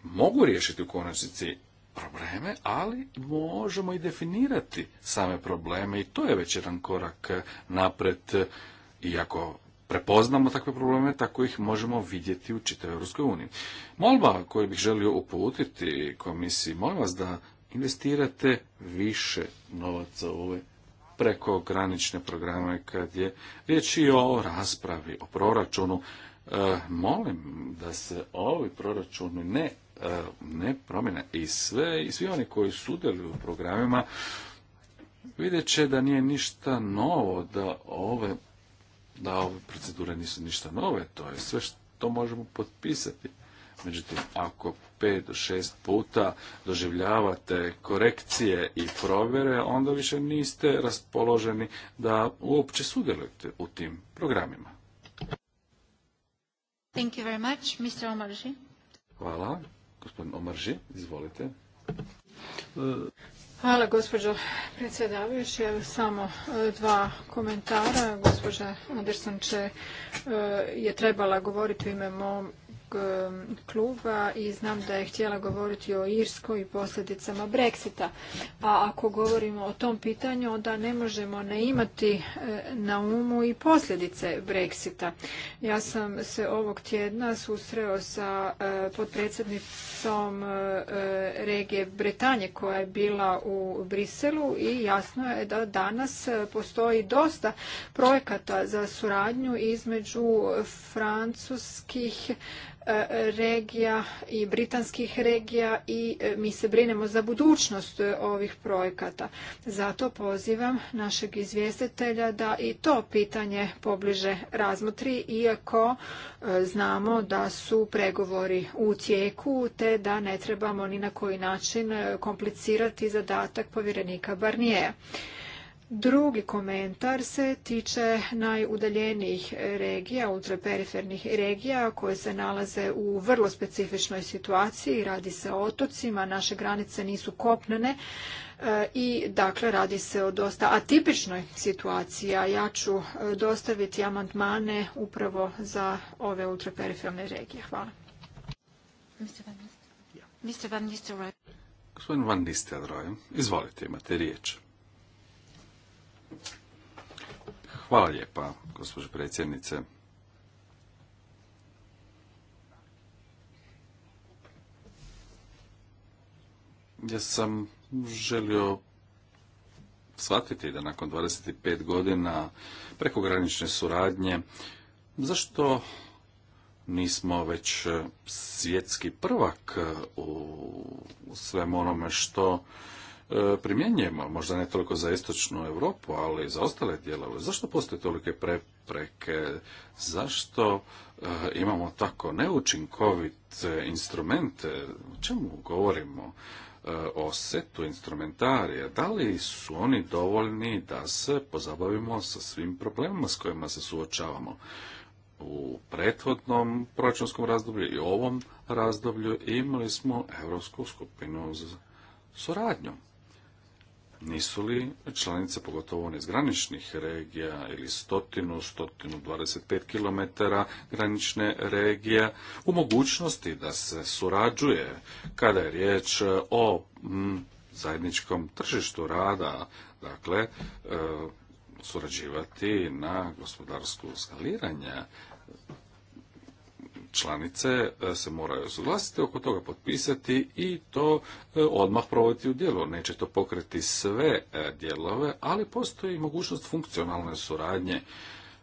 mogu riješiti u konačnici probleme, ali možemo i definirati same probleme i to je već jedan korak napred, iako prepoznamo takve probleme, tako ih možemo vidjeti u čitavoj Europskoj uniji. Molba koju bih želio uputiti komisiji, molim vas da investirate više novaca u ove prekogranične programe kad je riječ i o raspravi, o proračunu. E, molim da se ovi proračuni ne, e, ne promjene i sve i svi oni koji sudjeluju u programima vidjet će da nije ništa novo, da ove da ove procedure nisu ništa nove, to je sve što možemo potpisati. Međutim, ako 5 do 6 puta doživljavate korekcije i provjere, onda više niste raspoloženi da uopće sudjelujete u tim programima. Thank you very much, Mr. Omarži. Hvala. Gospodin Omarži, izvolite. Hvala gospođo predsjedavajući. Evo samo e, dva komentara. Gospođa Anderson e, je trebala govoriti u ime E, kluba i znam da je htjela govoriti o Irskoj i posljedicama Brexita. A ako govorimo o tom pitanju, onda ne možemo ne imati e, na umu i posljedice Brexita. Ja sam se ovog tjedna susreo sa e, potpredsjednicom regije Bretanje koja je bila u Briselu i jasno je da danas postoji dosta projekata za suradnju između francuskih E, regija i britanskih regija i e, mi se brinemo za budućnost e, ovih projekata. Zato pozivam našeg izvjestitelja da i to pitanje pobliže razmotri, iako znamo da su pregovori u tijeku, te da ne trebamo ni na koji način komplicirati zadatak povjerenika Barnijeja. Drugi komentar se tiče najudaljenijih regija, ultraperifernih regija koje se nalaze u vrlo specifičnoj situaciji. Radi se o otocima, naše granice nisu kopnene e, i dakle radi se o dosta atipičnoj situaciji. ja ću e, dostaviti amandmane upravo za ove ultraperiferne regije. Hvala. Van Gospodin Van izvolite, imate riječ. Hvala lijepa, gospođo predsjednice. Ja sam želio shvatiti da nakon 25 godina prekogranične suradnje, zašto nismo već svjetski prvak u svem onome što E, primjenjujemo, možda ne toliko za istočnu Europu, ali i za ostale dijelove. Zašto postoje tolike prepreke? Zašto e, imamo tako neučinkovite instrumente? O čemu govorimo? E, o setu instrumentarija, da li su oni dovoljni da se pozabavimo sa svim problemima s kojima se suočavamo u prethodnom proračunskom razdoblju i ovom razdoblju imali smo Europsku skupinu za suradnju. Nisu li članice, pogotovo one iz graničnih regija ili stotinu, stotinu pet kilometara granične regije, u mogućnosti da se surađuje kada je riječ o zajedničkom tržištu rada, dakle, e, surađivati na gospodarsko skaliranje članice e, se moraju suglasiti oko toga potpisati i to e, odmah provoditi u djelo. Neće to pokriti sve e, dijelove, ali postoji mogućnost funkcionalne suradnje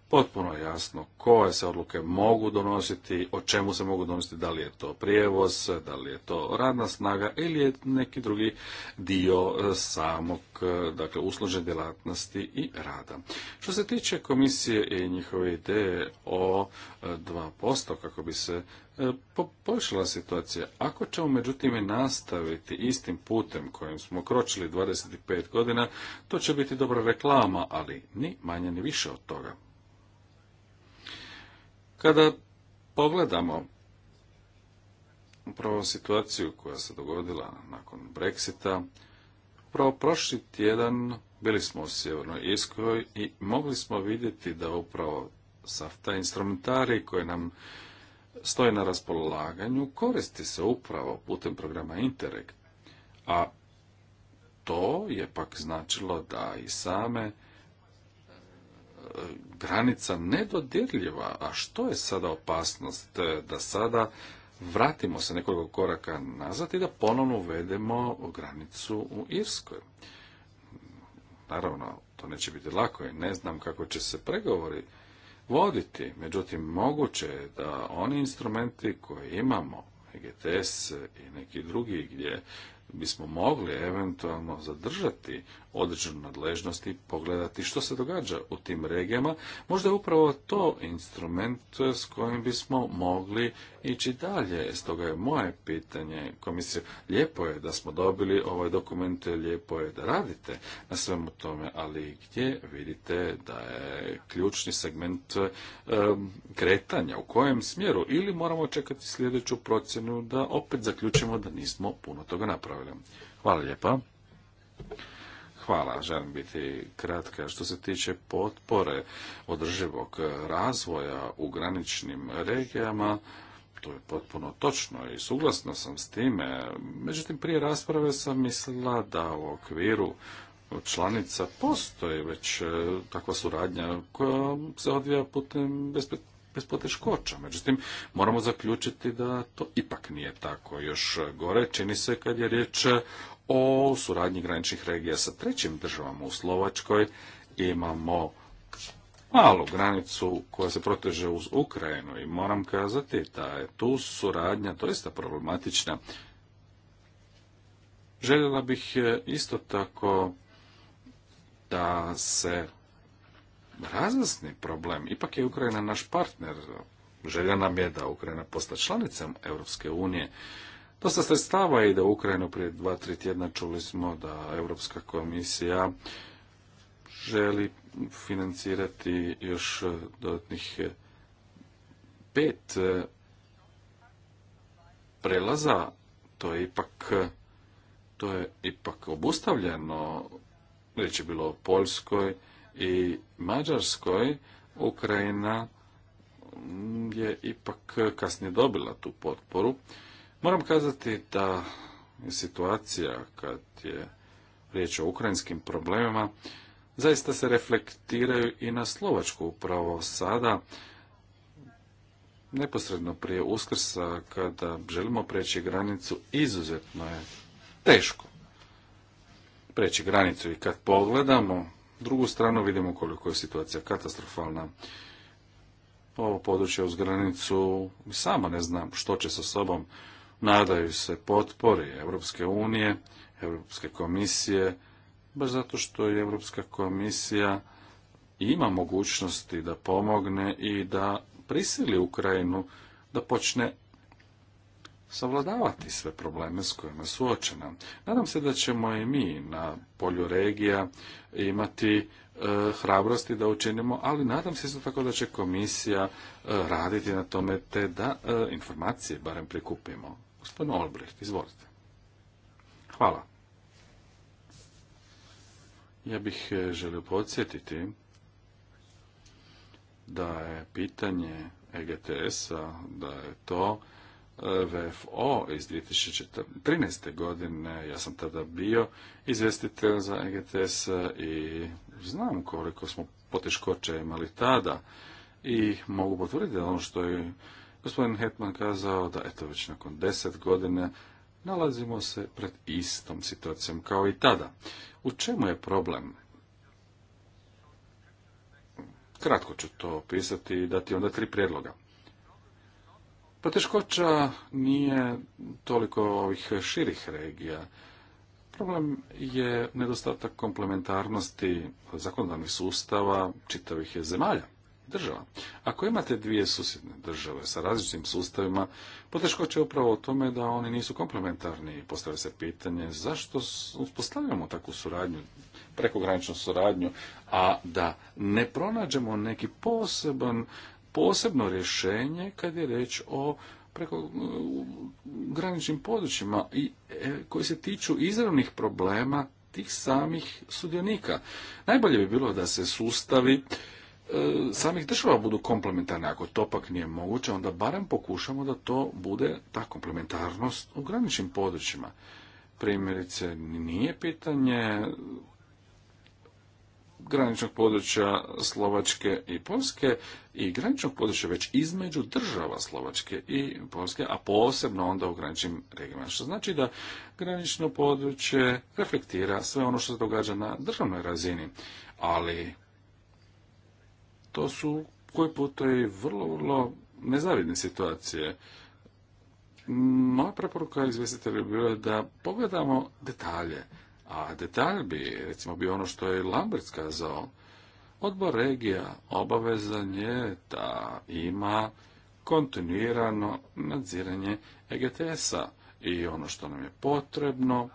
potpuno jasno koje se odluke mogu donositi, o čemu se mogu donositi, da li je to prijevoz, da li je to radna snaga ili je neki drugi dio e, samog, e, dakle, uslužne djelatnosti i rada. Što se tiče komisije i njihove ideje o 2% e, kako bi se poboljšala situacija. Ako ćemo međutim nastaviti istim putem kojim smo kročili 25 godina, to će biti dobra reklama, ali ni manje ni više od toga. Kada pogledamo upravo situaciju koja se dogodila nakon Brexita, upravo prošli tjedan bili smo u Sjevernoj Iskoj i mogli smo vidjeti da upravo sav taj instrumentari koji nam stoje na raspolaganju koristi se upravo putem programa Interreg. A to je pak značilo da i same granica nedodirljiva. A što je sada opasnost? E, da sada vratimo se nekoliko koraka nazad i da ponovno uvedemo granicu u Irskoj. Naravno, to neće biti lako i ne znam kako će se pregovori voditi. Međutim, moguće je da oni instrumenti koje imamo, EGTS i neki drugi gdje bismo mogli eventualno zadržati određenu nadležnost i pogledati što se događa u tim regijama. Možda je upravo to instrument s kojim bismo mogli ići dalje. Stoga je moje pitanje komisije, lijepo je da smo dobili ovaj dokument, lijepo je da radite na svemu tome, ali gdje vidite da je ključni segment kretanja, u kojem smjeru, ili moramo čekati sljedeću procjenu da opet zaključimo da nismo puno toga napravili. Hvala lijepa. Hvala, želim biti kratka. Što se tiče potpore održivog razvoja u graničnim regijama, to je potpuno točno i suglasna sam s time. Međutim, prije rasprave sam mislila da u okviru članica postoji već e, takva suradnja koja se odvija putem bespet bez poteškoća. Međutim, moramo zaključiti da to ipak nije tako. Još gore čini se kad je riječ o suradnji graničnih regija sa trećim državama u Slovačkoj. Imamo malu granicu koja se proteže uz Ukrajinu i moram kazati da je tu suradnja doista problematična. Željela bih e, isto tako da se razasni problem. Ipak je Ukrajina naš partner. Želja nam je da Ukrajina posta članicom Europske unije. Dosta sredstava ide u Ukrajinu. Prije dva, tri tjedna čuli smo da Europska komisija želi financirati još dodatnih pet eh, prelaza. To je ipak to je ipak obustavljeno. Riječ je bilo o Poljskoj i Mađarskoj. Ukrajina je ipak kasnije dobila tu potporu. Moram kazati da situacija kad je riječ o ukrajinskim problemima zaista se reflektiraju i na Slovačku upravo sada neposredno prije uskrsa kada želimo preći granicu izuzetno je teško preći granicu i kad pogledamo drugu stranu vidimo koliko je situacija katastrofalna ovo područje uz granicu sama ne znam što će sa sobom nadaju se potpori Europske unije, Europske komisije, baš zato što je Europska komisija ima mogućnosti da pomogne i da prisili Ukrajinu da počne savladavati sve probleme s kojima je suočena. Nadam se da ćemo i mi na polju regija imati e, hrabrosti da učinimo, ali nadam se isto tako da će komisija e, raditi na tome te da e, informacije barem prikupimo. Gospodin Olbricht, izvolite. Hvala. Ja bih e, želio podsjetiti da je pitanje EGTS-a, da je to e, VFO iz 2013. godine, ja sam tada bio izvestitelj za EGTS i znam koliko smo poteškoća imali tada i mogu potvrditi ono što je Gospodin Hetman kazao da eto već nakon deset godina nalazimo se pred istom situacijom kao i tada. U čemu je problem? Kratko ću to opisati i dati onda tri prijedloga. Teškoća nije toliko ovih širih regija. Problem je nedostatak komplementarnosti zakonodavnih sustava čitavih zemalja država. Ako imate dvije susjedne države sa različitim sustavima, poteškoće je upravo o tome da oni nisu komplementarni i postavlja se pitanje zašto uspostavljamo takvu suradnju, prekograničnu suradnju, a da ne pronađemo neki poseban, posebno rješenje kad je reč o preko graničnim područjima i e, koji se tiču izravnih problema tih samih sudionika. Najbolje bi bilo da se sustavi E, samih država budu komplementarne. Ako to pak nije moguće, onda barem pokušamo da to bude ta komplementarnost u graničnim područjima. Primjerice, nije pitanje graničnog područja Slovačke i Polske i graničnog područja već između država Slovačke i Polske, a posebno onda u graničnim regijama. Što znači da granično područje reflektira sve ono što se događa na državnoj razini, ali to su koji puta i vrlo, vrlo nezavidne situacije. Moja preporuka bi bila da pogledamo detalje, a detalj bi, recimo, bi ono što je Lambert kazao, odbor regija obavezan je da ima kontinuirano nadziranje EGTS-a i ono što nam je potrebno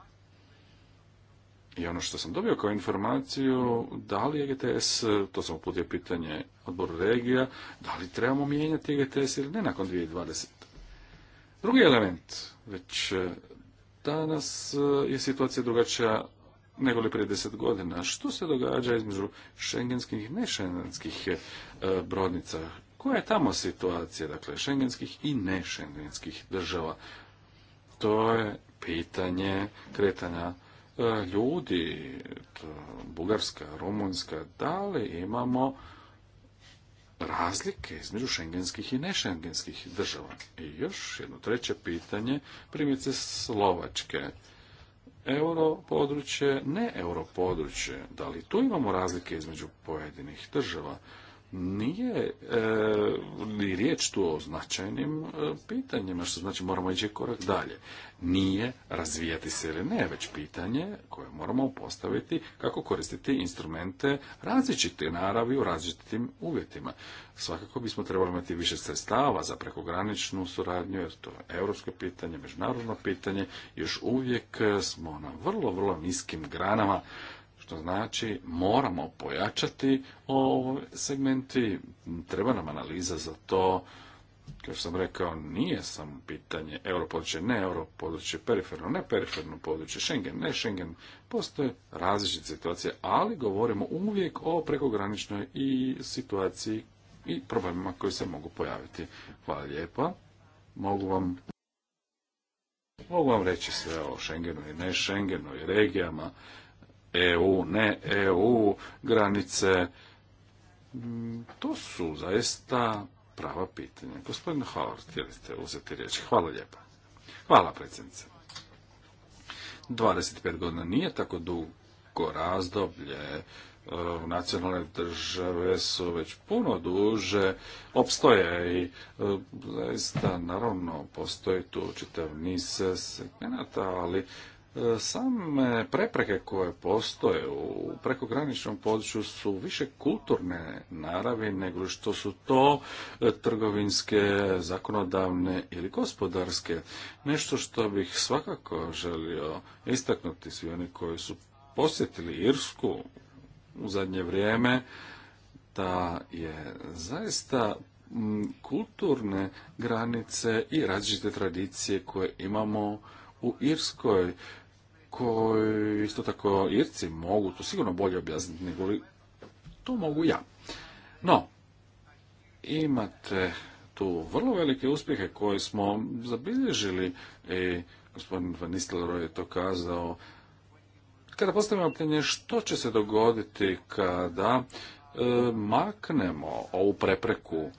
i ono što sam dobio kao informaciju, da li EGTS, to sam uputio pitanje odboru regija, da li trebamo mijenjati EGTS ili ne nakon 2020. Drugi element, već e, danas e, je situacija drugačija nego li prije deset godina. Što se događa između šengenskih i nešengenskih e, brodnica? Koja je tamo situacija, dakle, šengenskih i nešengenskih država? To je pitanje kretanja E, ljudi, Bugarska, Rumunjska, da li imamo razlike između šengenskih i nešengenskih država? I još jedno treće pitanje, primjerice Slovačke. Euro područje, ne euro područje. Da li tu imamo razlike između pojedinih država? nije e, ni riječ tu o značajnim e, pitanjima, što znači moramo ići korak dalje. Nije razvijati se ili ne, već pitanje koje moramo postaviti kako koristiti instrumente različite naravi u različitim uvjetima. Svakako bismo trebali imati više sredstava za prekograničnu suradnju, jer to je europsko pitanje, međunarodno pitanje. Još uvijek smo na vrlo, vrlo niskim granama što znači moramo pojačati ovo ovaj segmenti, treba nam analiza za to, kao što sam rekao, nije samo pitanje europodručje, ne europodručje, periferno, ne periferno područje, Schengen, ne Schengen, postoje različite situacije, ali govorimo uvijek o prekograničnoj i situaciji i problemima koji se mogu pojaviti. Hvala lijepa. Mogu vam Mogu vam reći sve o Schengenu i ne Schengenu i regijama EU, ne EU granice, mm, to su zaista prava pitanja. Gospodin Howard, htjeli ste uzeti riječ. Hvala lijepa. Hvala predsjednice. 25 godina nije tako dugo razdoblje. E, nacionalne države su već puno duže, Opstoje i e, zaista naravno postoji tu čitav niz segmenata, ali Same prepreke koje postoje u prekograničnom području su više kulturne naravi nego što su to e, trgovinske, zakonodavne ili gospodarske. Nešto što bih svakako želio istaknuti svi oni koji su posjetili Irsku u zadnje vrijeme, da je zaista kulturne granice i različite tradicije koje imamo u Irskoj koji isto tako Irci mogu to sigurno bolje objasniti nego li to mogu ja. No, imate tu vrlo velike uspjehe koje smo zabilježili i gospodin Van je to kazao. Kada postavimo pitanje što će se dogoditi kada e, maknemo ovu prepreku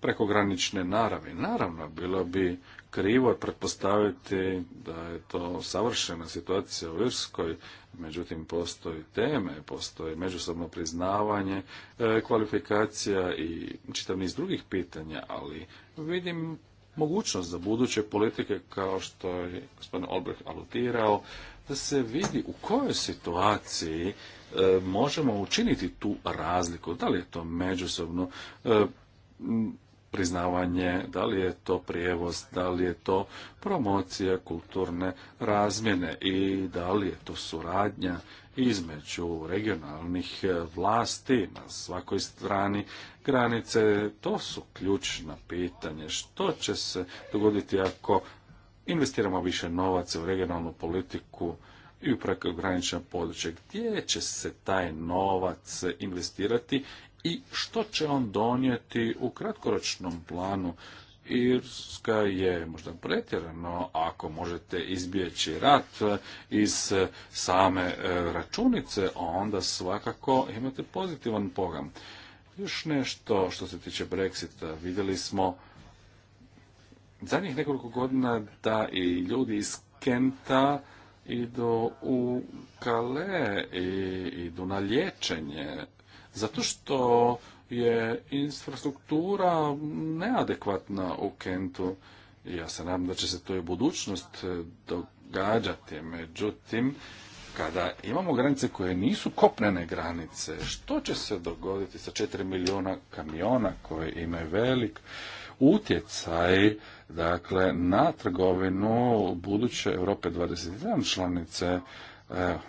prekogranične naravi, naravno bilo bi krivo je pretpostaviti da je to savršena situacija u Irskoj, međutim postoji teme, postoji međusobno priznavanje, e, kvalifikacija i čitav niz drugih pitanja, ali vidim mogućnost za buduće politike kao što je gospodin Olbrich alutirao, da se vidi u kojoj situaciji e, možemo učiniti tu razliku, da li je to međusobno e, priznavanje, da li je to prijevoz, da li je to promocija kulturne razmjene i da li je to suradnja između regionalnih vlasti na svakoj strani granice. To su ključna pitanje. Što će se dogoditi ako investiramo više novaca u regionalnu politiku i u prekogranična područja? Gdje će se taj novac investirati i što će on donijeti u kratkoročnom planu Irska je možda pretjerano ako možete izbjeći rat e, iz e, same e, računice, onda svakako imate pozitivan pogam. Još nešto što se tiče Brexita, vidjeli smo zadnjih nekoliko godina da i ljudi iz Kenta idu u Kale i idu na liječenje zato što je infrastruktura neadekvatna u Kentu. Ja se nadam da će se to i u budućnost eh, događati. Međutim, kada imamo granice koje nisu kopnene granice, što će se dogoditi sa 4 milijuna kamiona koje imaju velik utjecaj dakle, na trgovinu buduće Europe 27 članice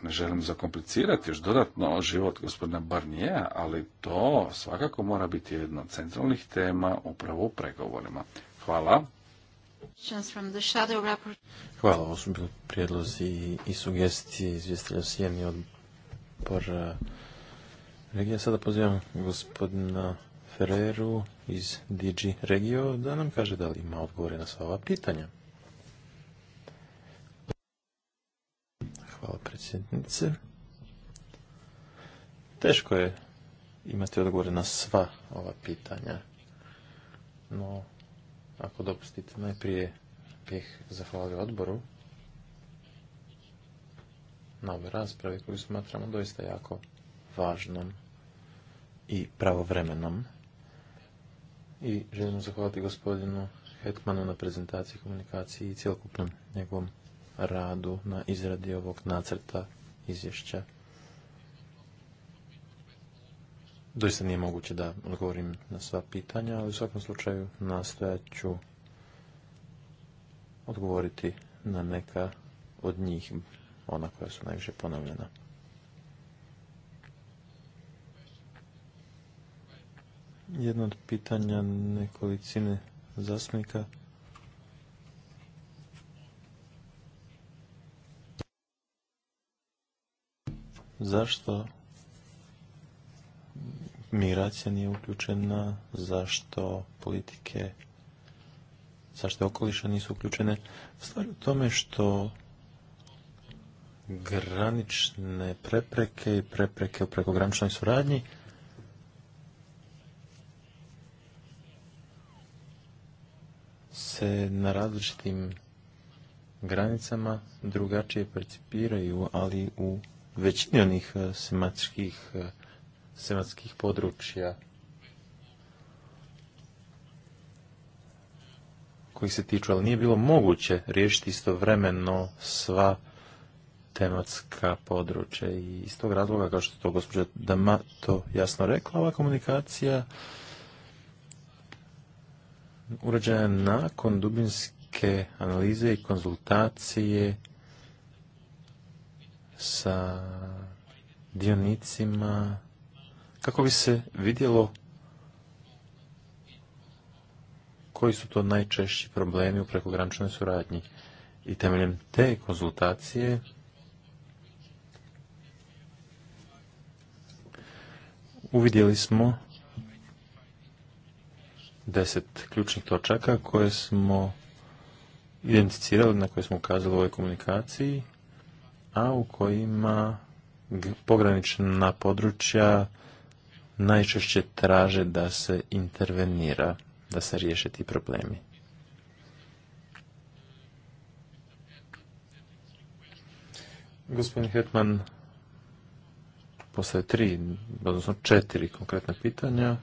ne želim zakomplicirati još dodatno život gospodina Barnija, ali to svakako mora biti jedna od centralnih tema upravo u pregovorima. Hvala. Hvala, ovo su bili prijedlozi i sugestije izvjestilja od odbor eh, regija. Sada pozivam gospodina Ferreru iz DG Regio da nam kaže da li ima odgovore na sva ova pitanja. Hvala predsjednice. Teško je imati odgovore na sva ova pitanja. No, ako dopustite, najprije bih zahvalio odboru na ovoj raspravi koju smatramo doista jako važnom i pravovremenom. I želim zahvaliti gospodinu Hetmanu na prezentaciji, komunikaciji i cjelokupnom njegovom radu na izradi ovog nacrta izvješća. Doista nije moguće da odgovorim na sva pitanja, ali u svakom slučaju nastojat ću odgovoriti na neka od njih, ona koja su najviše ponovljena. Jedno od pitanja nekolicine zastupnika zašto migracija nije uključena, zašto politike, zašto okoliša nisu uključene. Stvar u tome što granične prepreke i prepreke u prekograničnoj suradnji se na različitim granicama drugačije percipiraju, ali u većini onih sematskih, sematskih e, područja koji se tiču, ali nije bilo moguće riješiti istovremeno sva tematska područja. I iz tog razloga, kao što je to gospođa Dama to jasno rekla, ova komunikacija urađena je nakon dubinske analize i konzultacije sa dionicima kako bi se vidjelo koji su to najčešći problemi u prekograničnoj suradnji. I temeljem te konzultacije uvidjeli smo deset ključnih točaka koje smo identificirali, na koje smo ukazali u ovoj komunikaciji a u kojima pogranična područja najčešće traže da se intervenira, da se riješe ti problemi. Gospodin Hetman postavio tri, odnosno četiri konkretna pitanja.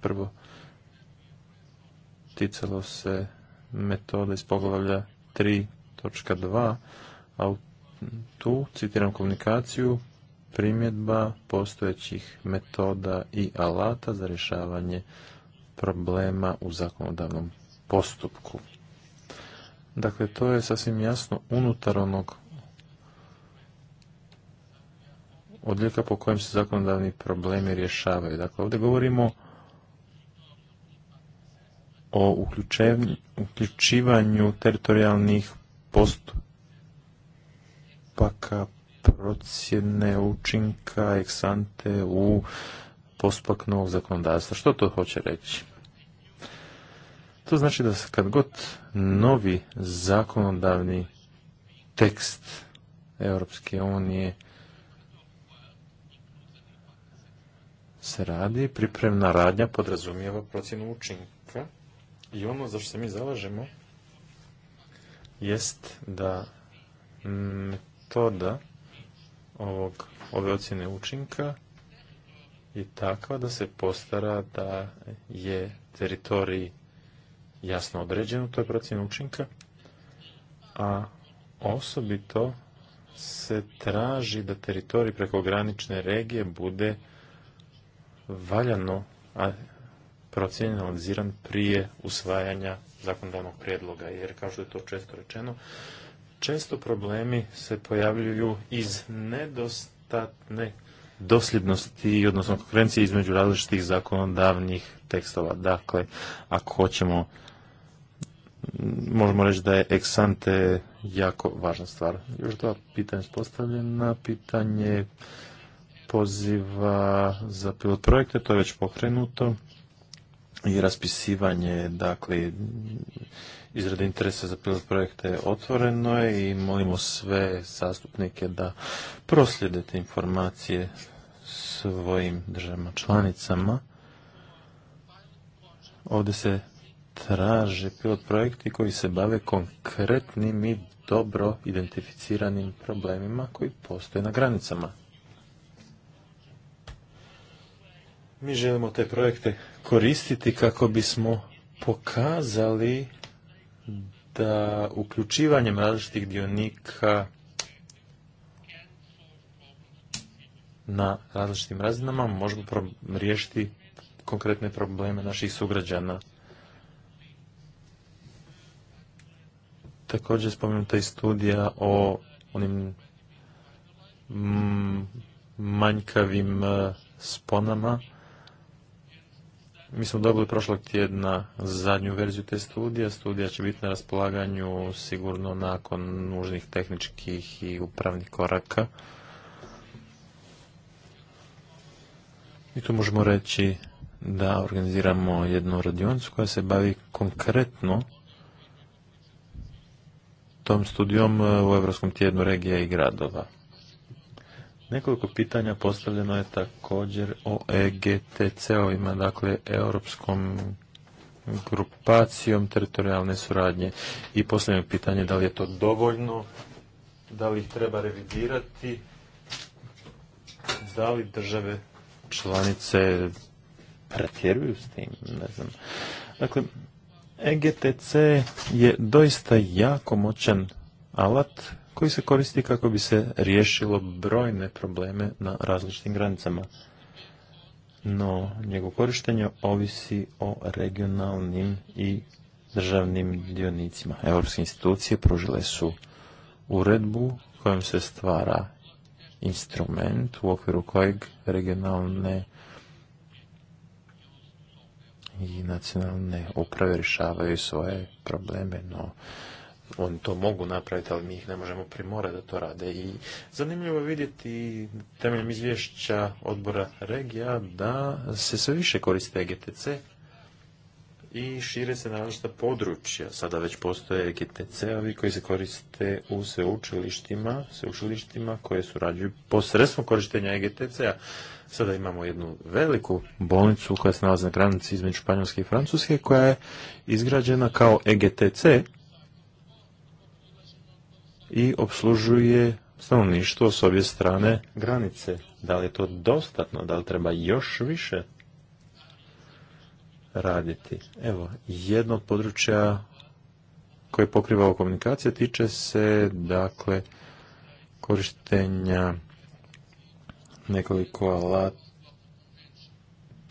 Prvo, ticalo se metode iz poglavlja 3.2, a u tu citiram komunikaciju primjedba postojećih metoda i alata za rješavanje problema u zakonodavnom postupku. Dakle, to je sasvim jasno unutar onog odljeka po kojem se zakonodavni problemi rješavaju. Dakle, ovdje govorimo o uključivanju teritorijalnih postupka postupaka procjene učinka eksante u postupak novog zakonodavstva. Što to hoće reći? To znači da kad god novi zakonodavni tekst Europske unije se radi, pripremna radnja podrazumijeva procjenu učinka i ono za što se mi zalažemo jest da da ovog, ove ocjene učinka je takva da se postara da je teritorij jasno određen u toj procjeni učinka, a osobito se traži da teritorij granične regije bude valjano a analiziran prije usvajanja zakonodavnog prijedloga, jer kao što je to često rečeno, često problemi se pojavljuju iz nedostatne dosljednosti, odnosno konkurencije između različitih zakonodavnih tekstova. Dakle, ako hoćemo, možemo reći da je eksante jako važna stvar. Još dva pitanja na Pitanje poziva za pilot projekte, to je već pokrenuto i raspisivanje, dakle, izrade interesa za pilot projekte otvoreno je i molimo sve zastupnike da proslijede te informacije svojim državama članicama. Ovdje se traže pilot projekti koji se bave konkretnim i dobro identificiranim problemima koji postoje na granicama. Mi želimo te projekte koristiti kako bismo pokazali da uključivanjem različitih dionika na različitim razinama možemo riješiti konkretne probleme naših sugrađana. Također spomenuta i studija o onim mm, manjkavim eh, sponama mi smo dobili prošlog tjedna zadnju verziju te studija. Studija će biti na raspolaganju sigurno nakon nužnih tehničkih i upravnih koraka. I tu možemo reći da organiziramo jednu radionicu koja se bavi konkretno tom studijom u Evropskom tjednu regija i gradova. Nekoliko pitanja postavljeno je također o EGTC-ovima, dakle Europskom grupacijom teritorijalne suradnje. I posljednje pitanje da li je to dovoljno, da li ih treba revidirati, da li države članice pretjeruju s tim, ne znam. Dakle, EGTC je doista jako moćan alat koji se koristi kako bi se riješilo brojne probleme na različitim granicama. No, njegovo korištenje ovisi o regionalnim i državnim dionicima. Europske institucije pružile su uredbu kojom se stvara instrument u okviru kojeg regionalne i nacionalne uprave rješavaju svoje probleme, no oni to mogu napraviti, ali mi ih ne možemo primorati da to rade. I zanimljivo je vidjeti temeljem izvješća odbora regija da se sve više koriste EGTC i šire se na različita područja. Sada već postoje EGTC-ovi koji se koriste u sveučilištima, sveučilištima koje surađuju posredstvom korištenja EGTC-a. Sada imamo jednu veliku bolnicu koja se nalazi na granici između Španjolske i Francuske koja je izgrađena kao EGTC i obslužuje stanovništvo s obje strane granice. Da li je to dostatno? Da li treba još više raditi? Evo, jedno od područja koje pokriva komunikacije tiče se dakle korištenja nekoliko alata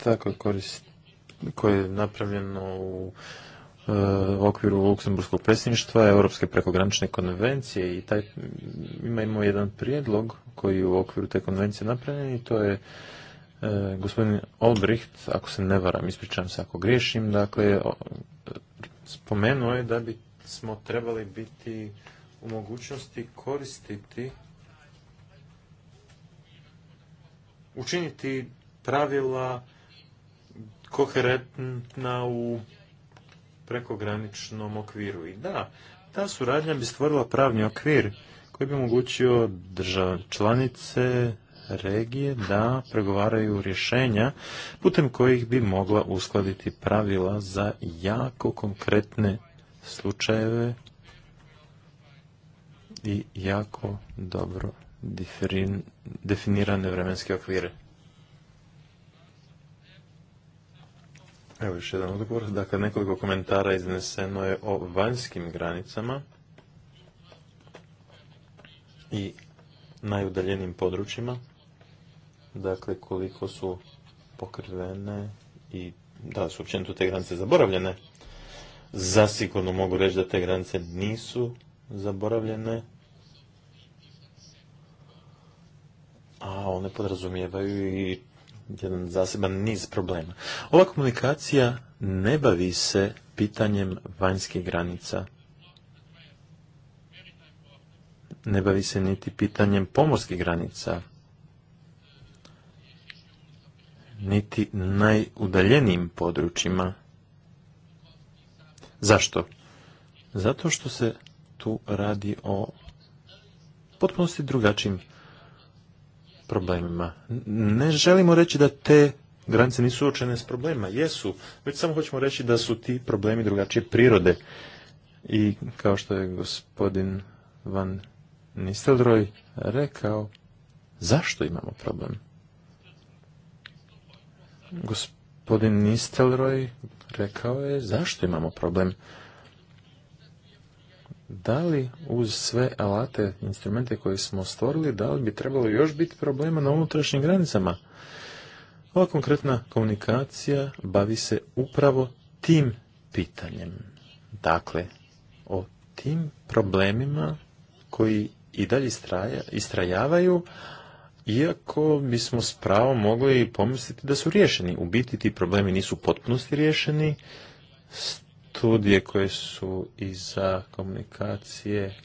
Tako koje je napravljeno u E, u okviru Luksemburskog predsjedništva Europske prekogranične konvencije i taj, imamo jedan prijedlog koji u okviru te konvencije napravljen i to je e, gospodin Olbricht, ako se ne varam, ispričavam se ako griješim, dakle spomenuo je da bi smo trebali biti u mogućnosti koristiti učiniti pravila koherentna u prekograničnom okviru. I da, ta suradnja bi stvorila pravni okvir koji bi omogućio države članice regije da pregovaraju rješenja putem kojih bi mogla uskladiti pravila za jako konkretne slučajeve i jako dobro definirane vremenske okvire. Evo još jedan odgovor. Dakle, nekoliko komentara izneseno je o vanjskim granicama i najudaljenim područjima. Dakle, koliko su pokrivene i da su općenito te granice zaboravljene. Zasigurno mogu reći da te granice nisu zaboravljene, a one podrazumijevaju i jedan zaseban niz problema. Ova komunikacija ne bavi se pitanjem vanjskih granica. Ne bavi se niti pitanjem pomorskih granica. Niti najudaljenijim područjima. Zašto? Zato što se tu radi o potpunosti drugačijim problemima. Ne želimo reći da te granice nisu uočene s problemima. Jesu, već samo hoćemo reći da su ti problemi drugačije prirode. I kao što je gospodin Van Nistelroj rekao, zašto imamo problem? Gospodin Nistelroj rekao je zašto imamo problem da li uz sve alate, instrumente koje smo stvorili, da li bi trebalo još biti problema na unutrašnjim granicama? Ova konkretna komunikacija bavi se upravo tim pitanjem. Dakle, o tim problemima koji i dalje istrajavaju, iako bismo s pravom mogli pomisliti da su riješeni. U biti ti problemi nisu potpunosti riješeni, studije koje su i za komunikacije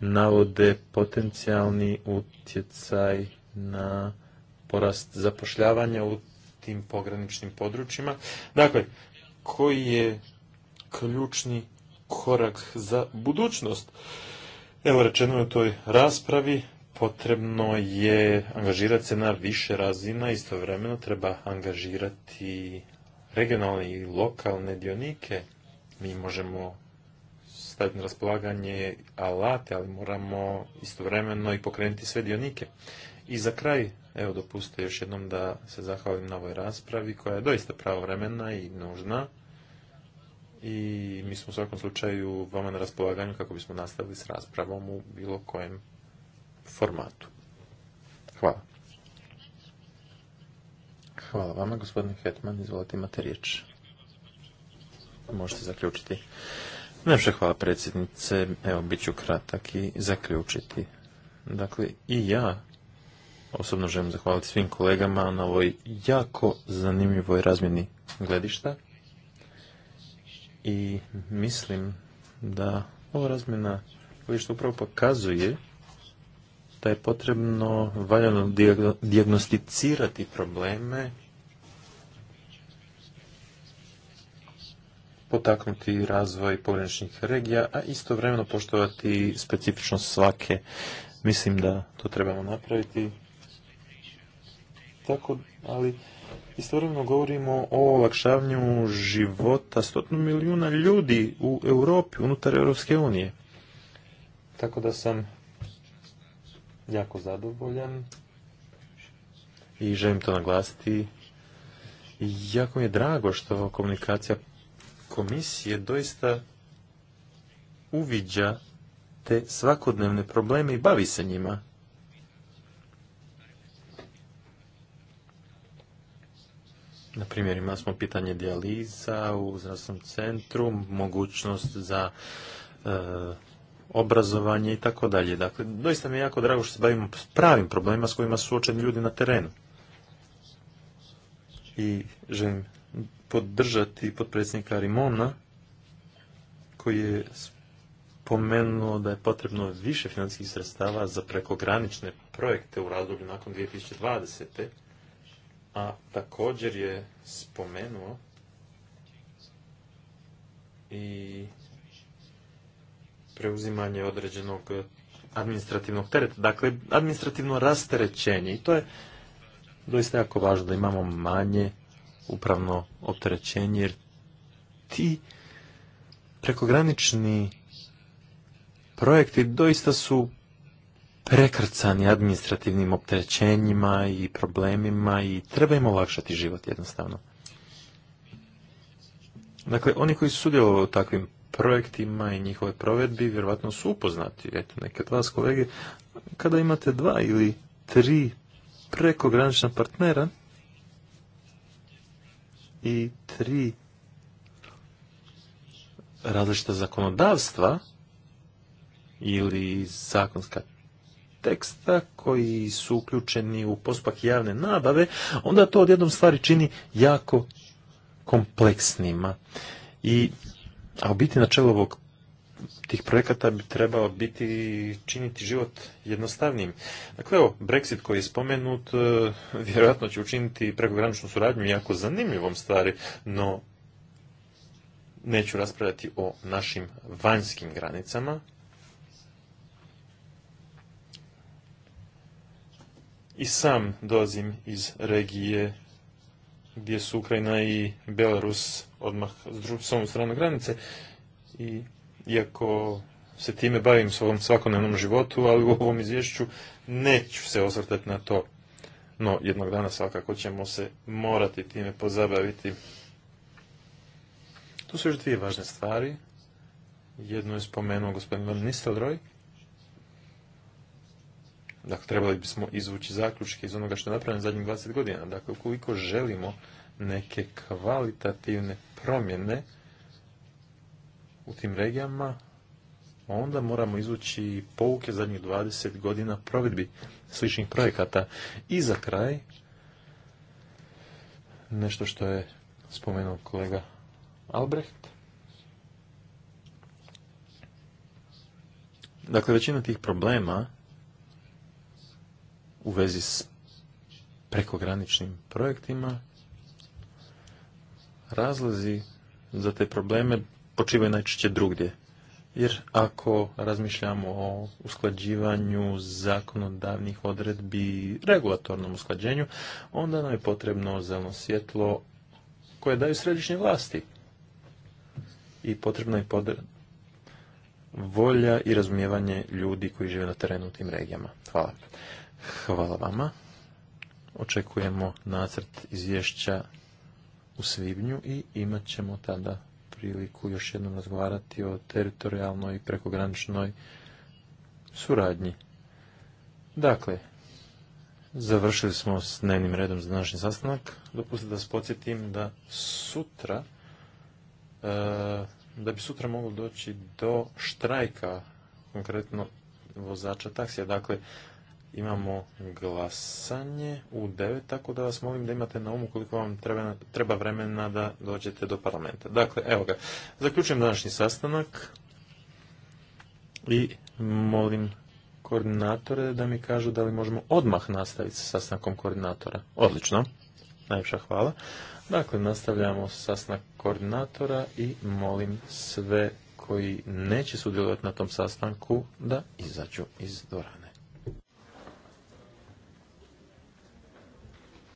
navode potencijalni utjecaj na porast zapošljavanja u tim pograničnim područjima. Dakle, koji je ključni korak za budućnost? Evo rečeno je u toj raspravi, potrebno je angažirati se na više razina, istovremeno treba angažirati regionalne i lokalne dionike. Mi možemo staviti na raspolaganje alate, ali moramo istovremeno i pokrenuti sve dionike. I za kraj, evo dopustite još jednom da se zahvalim na ovoj raspravi koja je doista pravovremena i nužna. I mi smo u svakom slučaju vama na raspolaganju kako bismo nastavili s raspravom u bilo kojem formatu. Hvala. Hvala vama, gospodin Hetman. Izvolite, imate riječ. Možete zaključiti. Najviše hvala predsjednice. Evo, bit ću kratak i zaključiti. Dakle, i ja osobno želim zahvaliti svim kolegama na ovoj jako zanimljivoj razmjeni gledišta. I mislim da ova razmjena gledišta upravo pokazuje da je potrebno valjano dijagnosticirati probleme potaknuti razvoj pograničnih regija, a istovremeno poštovati specifičnost svake. Mislim da to trebamo napraviti. Tako, ali istovremeno govorimo o olakšavanju života stotno milijuna ljudi u Europi, unutar Europske unije. Tako da sam jako zadovoljan i želim to naglasiti. Jako mi je drago što komunikacija komisije doista uviđa te svakodnevne probleme i bavi se njima. Na primjer, imali smo pitanje dijaliza u zdravstvenom centru, mogućnost za e, obrazovanje i tako dalje. Dakle, doista mi je jako drago što se bavimo pravim problemima s kojima su suočeni ljudi na terenu. I želim podržati potpredsjednika Rimona koji je spomenuo da je potrebno više financijskih sredstava za prekogranične projekte u razdoblju nakon 2020. A također je spomenuo i preuzimanje određenog administrativnog tereta. Dakle, administrativno rasterećenje. I to je doista jako važno da imamo manje upravno opterećenje, jer ti prekogranični projekti doista su prekrcani administrativnim opterećenjima i problemima i treba im olakšati život jednostavno. Dakle, oni koji su sudjelovali u takvim projektima i njihove provedbi vjerojatno su upoznati. Eto, neke od vas kolege, kada imate dva ili tri prekogranična partnera, i tri različita zakonodavstva ili zakonska teksta koji su uključeni u postupak javne nabave, onda to odjednom stvari čini jako kompleksnima. I, a u biti na ovog tih projekata bi trebao biti činiti život jednostavnijim. Dakle, evo, Brexit koji je spomenut e, vjerojatno će učiniti prekograničnu suradnju jako zanimljivom stvari, no neću raspravljati o našim vanjskim granicama. I sam dolazim iz regije gdje su Ukrajina i Belarus odmah s drugom stranom granice i iako se time bavim svom svakodnevnom životu, ali u ovom izvješću neću se osvrtati na to. No, jednog dana svakako ćemo se morati time pozabaviti. Tu su još dvije važne stvari. Jednu je spomenuo gospodin Van Nistelroj. Dakle, trebali bismo izvući zaključke iz onoga što je napravljeno zadnjih 20 godina. Dakle, ukoliko želimo neke kvalitativne promjene, u tim regijama, onda moramo izvući pouke zadnjih 20 godina provedbi sličnih projekata. I za kraj, nešto što je spomenuo kolega Albrecht. Dakle, većina tih problema u vezi s prekograničnim projektima, razlozi za te probleme počivaju najčešće drugdje. Jer ako razmišljamo o usklađivanju zakonodavnih odredbi regulatornom usklađenju, onda nam je potrebno zeleno svjetlo koje daju središnje vlasti. I potrebna je volja i razumijevanje ljudi koji žive na terenu u tim regijama. Hvala. Hvala vama. Očekujemo nacrt izvješća u svibnju i imat ćemo tada priliku još jednom razgovarati o teritorijalnoj i prekograničnoj suradnji. Dakle, završili smo s dnevnim redom za današnji sastanak. Dopustite da vas podsjetim da sutra, e, da bi sutra moglo doći do štrajka, konkretno vozača taksija. Dakle, imamo glasanje u 9, tako da vas molim da imate na umu koliko vam treba, vremena da dođete do parlamenta. Dakle, evo ga, zaključujem današnji sastanak i molim koordinatore da mi kažu da li možemo odmah nastaviti sa sastankom koordinatora. Odlično, najljepša hvala. Dakle, nastavljamo sastanak koordinatora i molim sve koji neće sudjelovati na tom sastanku da izađu iz dora.